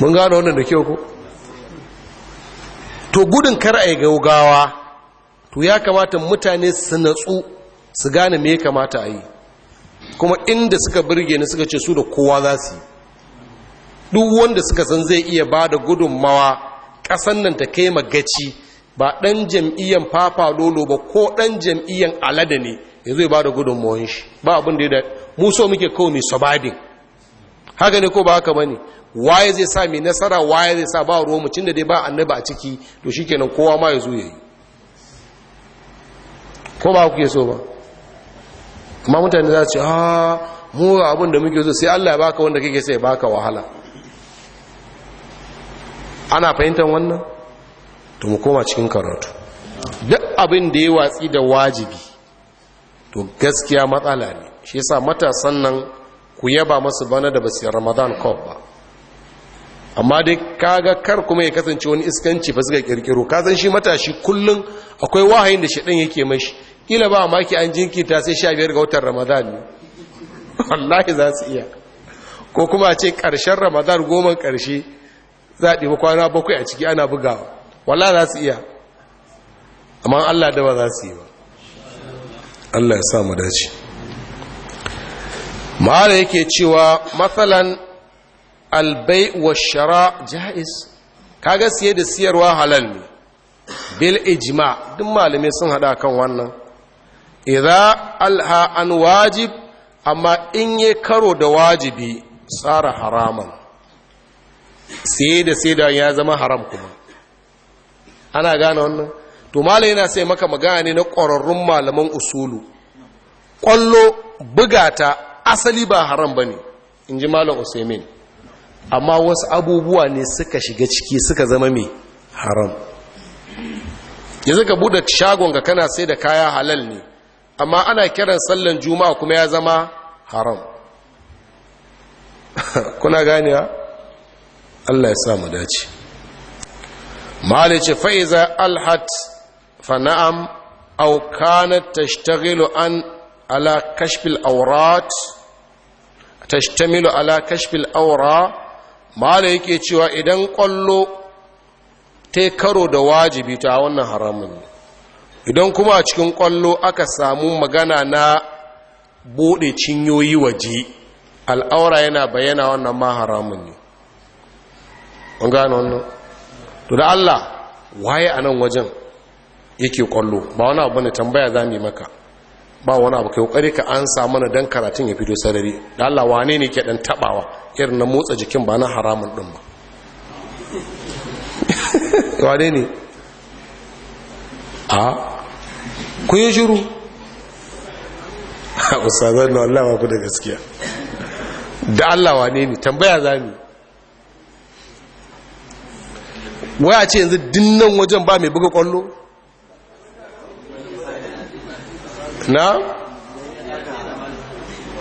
mun gano wannan da kyau ko to gudun kar a yi gaugawa to ya kamata mutane su natsu su gane me ya kamata a yi kuma inda suka birge ni suka ce su da kowa za su yi. duk wanda suka san zai iya ba da gudunmawa ƙasan nan ta kai magaci ba ɗan jam'iyyan fafa lolo ba ko ɗan jam'iyyan alada ne ya zai ba da gudunmuwan shi ba abin da ya daɗi mu so muke kawo mai sabadin haka ne ko ba haka bane waye zai sa mai nasara waye zai sa ba ruwa mucin da dai ba annabi a ciki to shikenan kowa ma ya zo yayi ko ba kuke so ba amma mutane za su ce ah mu abin da muke so sai Allah ya baka wanda kake sai ya baka wahala ana fahimtar wannan to mu koma cikin karatu duk abin da ya watsi da wajibi to gaskiya matsala ne shi yasa matasan nan ku yaba masu bana da basu ramadan cup ba amma dai kaga kar kuma ya kasance wani iskanci ba suka kirkiro ka san shi matashi kullum akwai wahayin da shaɗan yake mashi kila ba maki an jinkita sai sha biyar ga watan ramadan ne *laughs* wallahi za su iya ko kuma a ce ƙarshen ramadan goma ƙarshe za a ɗiba kwana bakwai a ciki ana bugawa wallahi za su iya amma allah da ba za su yi ba Allah ya sa mu dace ma'ana yake cewa matsalan albai wa shara ja'iz kaga siye da siyarwa halal ne bil ijma duk malamai sun hada kan wannan idza alha an wajib amma in ye karo da wajibi tsara haraman siye da siyarwa ya zama haram kuma ana gane wannan to mala yana sai maka magana ne na ƙwararrun malaman usulu ƙwallo bugata asali ba haram ba ne in ji malam usaimin amma wasu abubuwa ne suka shiga ciki suka zama mai haram Ya ka buɗe shagon ga kana sai da kaya halal ne amma ana kiran sallan juma'a kuma ya zama haram *laughs* kuna ya Allah ya sa mu dace ce fa'iza alhat فنعم أو كانت تشتغل عن على كشف الأورات تشتمل على كشف الأورا ما عليك يتشوى إذن قلو تكرو دواجب تعاون حرام idan kuma a cikin kwallo aka samu magana na bude cinyoyi waje al'aura yana bayyana wannan ma haramun ne an gano wannan to da Allah waye a nan wajen yake kwallo ba wani abu ne tambaya za mu maka ba wani abu kai kokari ka an sa mana dan karatun ya fito sarari da Allah wane ne ke dan tabawa irin na motsa jikin ba na haramun din ba *laughs* wane ne a ku yi shiru a *laughs* ustazan na Allah ba ku da gaskiya da Allah wane ne tambaya za mu waya ce yanzu dinnan wajen ba mai buga kwallo na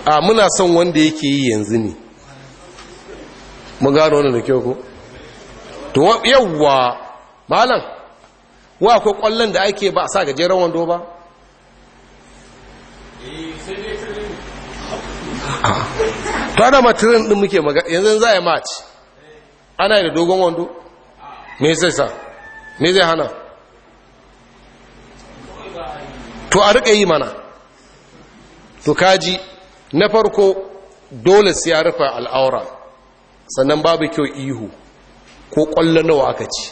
a muna son wanda yake yi yanzu ne mu gano wanda da kyau ko to yawwa malam wa akwai kwallon da ake ba a sa gajeren wando ba ta da matirin din muke magana yanzu za a yi match ana yi da dogon wando me zai sa me zai hana to a riƙa yi mana to kaji na farko dole sai ya rufe al'aura sannan babu kyau ihu ko ƙwallo nawa aka ci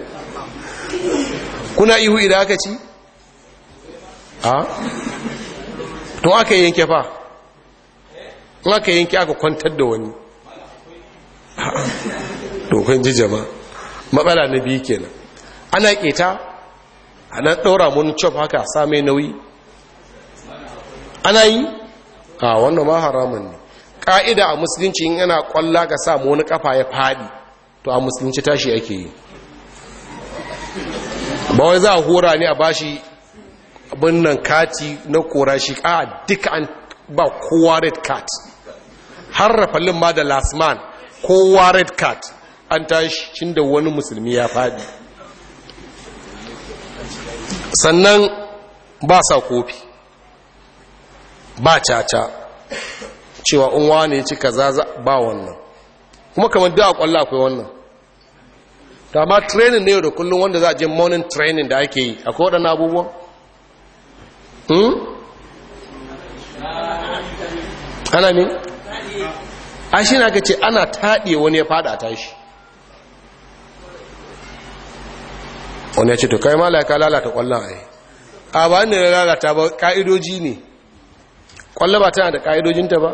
*laughs* kuna ihu idan aka ci? a? to aka yanke fa in aka yanke aka kwantar da wani *laughs* kan ji jama matsala na biyu kenan ana keta a nan ɗora mun cof haka same nauyi ana yi a wannan ma haramun ne ƙa'ida a musulunci in yana ƙwalla ga samu wani ƙafa ya faɗi to a musulunci tashi ake yi ba wai za a hura ne a bashi abin nan kati na kora shi a duka an ba kowa red card har rafalin ma da last man kowa red card an tashi cin da wani musulmi ya faɗi sannan ba sa kofi ba caca cewa unwa ne ci kaza ba wannan kuma kamar da a kwallo akwai wannan ta ba training ne yau da kullum wanda za a je morning training da ake yi akwai waɗannan abubuwan? Hmm? ana min? a na ka ce ana taɗe wani ya fada tashi wani ya ce to kai mala ka lalata kwallon a yi a ba ne lalata ba ka'idoji ne kwallo ba tana da ka'idojinta ba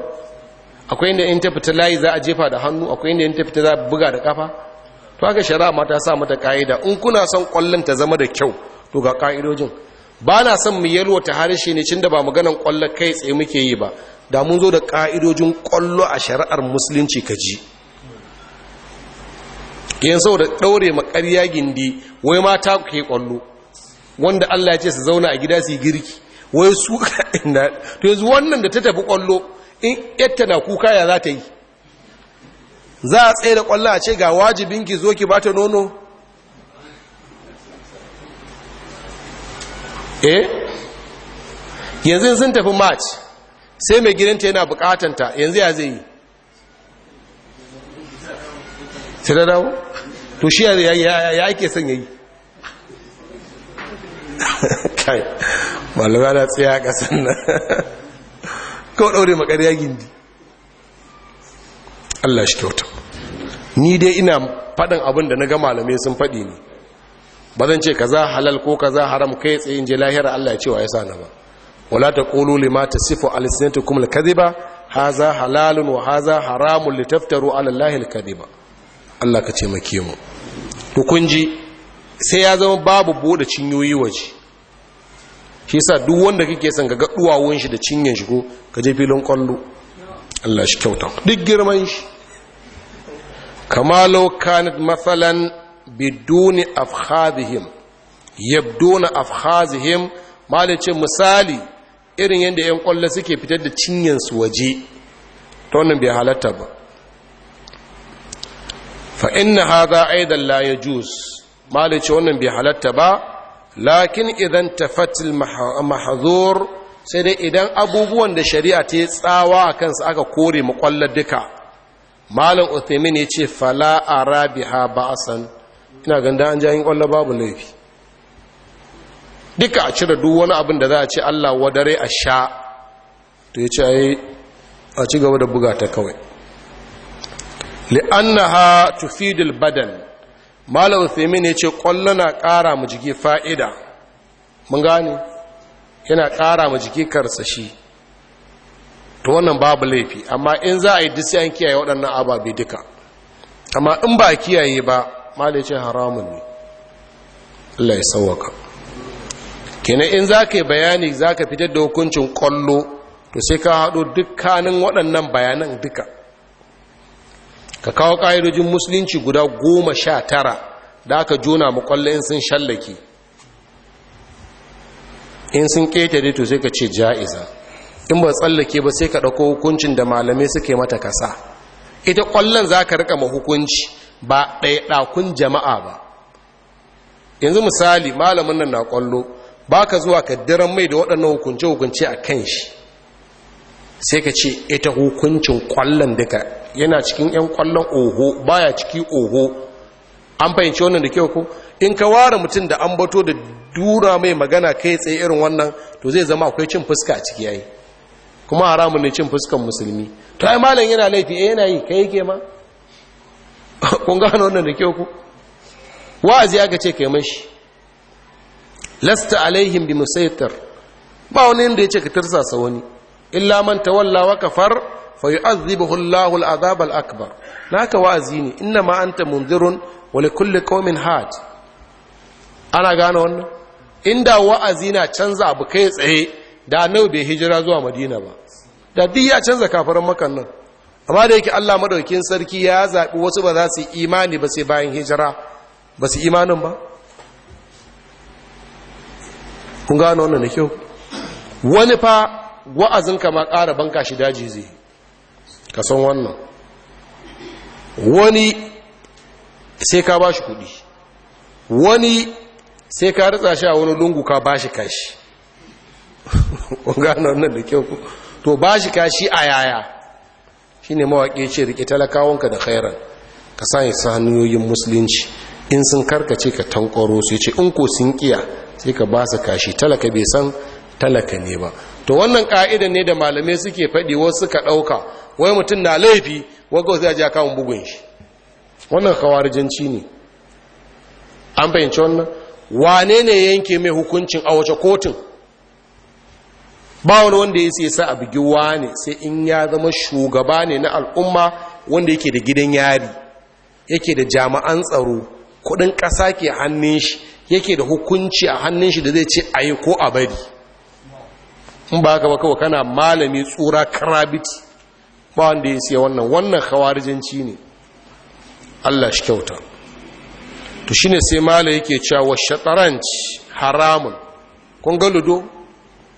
akwai inda in ta fita layi za a jefa da hannu akwai inda in ta fita za a buga da kafa to haka shara ma ta sa mata ka'ida in kuna son kwallon ta zama da kyau to ga ka'idojin ba na son mu yalwa ta harshe ne cin da ba maganan kwallo kai tsaye muke yi ba da mun zo da ka'idojin kwallo a shari'ar musulunci ka ji yin saboda ɗaure karya gindi wai mata ke kwallo wanda Allah ya ce su zauna a gida su yi girki wai su da. *laughs* to yanzu wannan da ta tafi kwallo in yatta na kuka ya za ta yi za a tsaye da kwallo a ce ga wajibin ki zo ki bata nono eh yanzu sun tafi march sai mai gidanta yana bukatanta yanzu ya zai yi sai da dawo to shi ya ake son yayi *laughs* kai malaba na tsaye a ƙasan nan *laughs* kawo ɗaure makariya gindi Allah shi kyauta ni dai ina faɗin abin da na ga malamai sun faɗi ne ba zan ce ka za halal ko ka za haram kai tsayin je lahira Allah ya cewa ya sa na ba wala ta ƙolo lima ta sifo alisinatu kuma ha haza halalun wa haza haramun litaftaru alallahi alkaziba Allah ka taimake mu to kun ji sai ya zama babu bude cinyoyi waje shi yasa duk wanda kake son ka ga duwawun shi da cinyen shi ko ka je filin kwallo Allah shi kyauta duk girman shi kamalo kanat mathalan biduni afkhadhihim yabduna afkhadhihim ce misali irin yadda 'yan kwallo suke fitar da su waje ta wannan bai halatta ba fa inna hadha aidan la yajuz ce wannan bai halatta ba lakin idan tafatil mahzur sai dai idan abubuwan da shari'a ta yi tsawa a kansu aka kore makwallar duka malam uthaymin ya ce fala arabiha ba'san ina ganda an jayin kwallo babu laifi duka a cire duk wani abin da za a ce Allah wadare a sha to ya ce a ci gaba da buga ta kawai li'annaha tufidul badan malam Uthaymeen ce kwallo na ƙara mu jiki fa'ida mun gane yana ƙara mu jiki karsashi to wannan babu laifi amma in za a yi duk sai an kiyaye waɗannan ababe duka amma in ba a kiyaye ba malam yace haramun ne Allah ya sauwaka kenan in za ka yi bayani za ka fitar da hukuncin kwallo to sai ka haɗo dukkanin waɗannan bayanan duka ka kawo ƙa'idojin musulunci guda goma sha tara da aka jona makwallon sun shallake in sun ƙetare to sai ka ce ja'iza in ba tsallake ba sai ka ɗauko hukuncin da malamai suke mata kasa ita ƙwallon za ka riƙa mahukunci ba ɗaya ɗakun jama'a ba yanzu misali malamin nan na ƙwallo ba ka zuwa ka diran mai da waɗannan hukunce-hukunce a kan shi sai ka ce ita hukuncin ƙwallon duka yana cikin 'yan kwallon oho baya ciki oho an fahimci wannan da kyau ko in ka ware mutum da an bato da dura mai magana kai tsaye irin wannan to zai zama akwai cin fuska a ciki yayi kuma haramun ne cin fuskan musulmi to ai malam yana laifi eh yana yi kai yake ma *laughs* kun ga wannan da kyau ko wa'azi aka ce kai mashi lasta alaihim bi musaitar ba wani inda ya ce ka tirsasa wani illa man tawalla wa kafar fa yu'adhibuhu Allahu al-'adhab al-akbar naka wa'azi ne inna ma anta munzirun wa li qaumin ana gano wannan inda wa'azi na canza abu kai tsaye da nau bai hijira zuwa madina ba da duk ya canza kafirin makan nan amma da yake Allah madaukin sarki ya zabi wasu ba za su imani ba sai bayan hijira ba su imanin ba kun gano wannan ne, kyau wani fa wa'azin kama ƙara banka shi daji zai ka san wannan wani sai ka ba shi kudi wani sai ka ritsa shi a wani lungu ka ba shi kashi ƙungana *laughs* wannan da kyau to ba shi kashi a yaya shi ne mawaƙi ce rike talakawanka da khairan ka sa isa hanyoyin musulunci in sun karkace ka tankwaro sai ce in ko sun kiya sai ka ba su kashi talaka bai san talaka ne ba to wannan ka'idan ne da malamai suke faɗi wasu suka ɗauka wai mutum na laifi wago zai ja kawun bugun shi wannan kawarijinci ne an fahimci wannan wane ne yanke mai hukuncin a wace kotun ba wani wanda ya sai sa a bugi wane sai in ya zama shugaba ne na al'umma wanda yake da gidan yari yake da jami'an tsaro kudin ƙasa ke hannun shi yake da hukunci a hannun shi da zai ce a ko a bari in ba haka ba kana malami tsura karabiti ba wanda ya siya wannan wannan khawarijanci ne Allah shi kyauta to shine sai mala yake cewa wa shataranj haramun kun ga ludo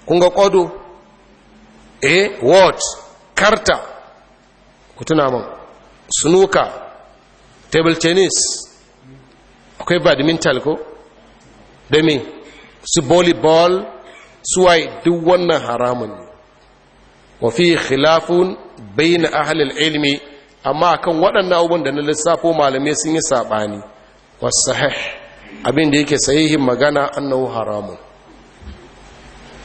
kun ga kodo? eh what karta ku tuna man snooker table tennis akwai badminton ko da me su volleyball suwaye duk wannan haramun ne wa fi khilafun bayna ahli ilmi amma kan waɗannan abubuwan da na lissafo malamai sun yi saɓani wasu sahih abin da yake sahihin magana annahu haramun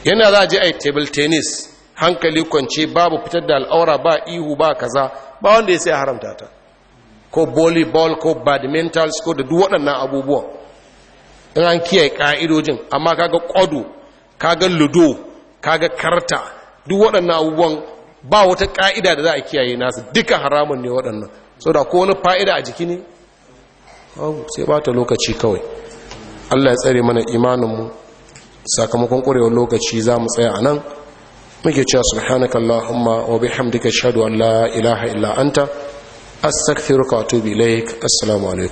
yana za a je a yi table tennis hankali kwance babu fitar da al'aura ba ihu ba kaza ba wanda ya sai haramta ta ko volleyball ko badminton ko da duk waɗannan abubuwan in an kiyaye ƙa'idojin amma kaga ƙwado kaga ludo kaga karta duk waɗannan abubuwan ba wata ƙa'ida da za a kiyaye nasu duka haramun ne waɗannan sau da ko wani fa'ida a jiki ne sai ba ta lokaci kawai allah ya tsare mana imaninmu sakamakon ƙwarewar lokaci za mu tsaya a nan muke cewa subhanaka allahumma wa bihamdika ashhadu an la ilaha illa anta astaghfiruka wa atubu ilaik assalamu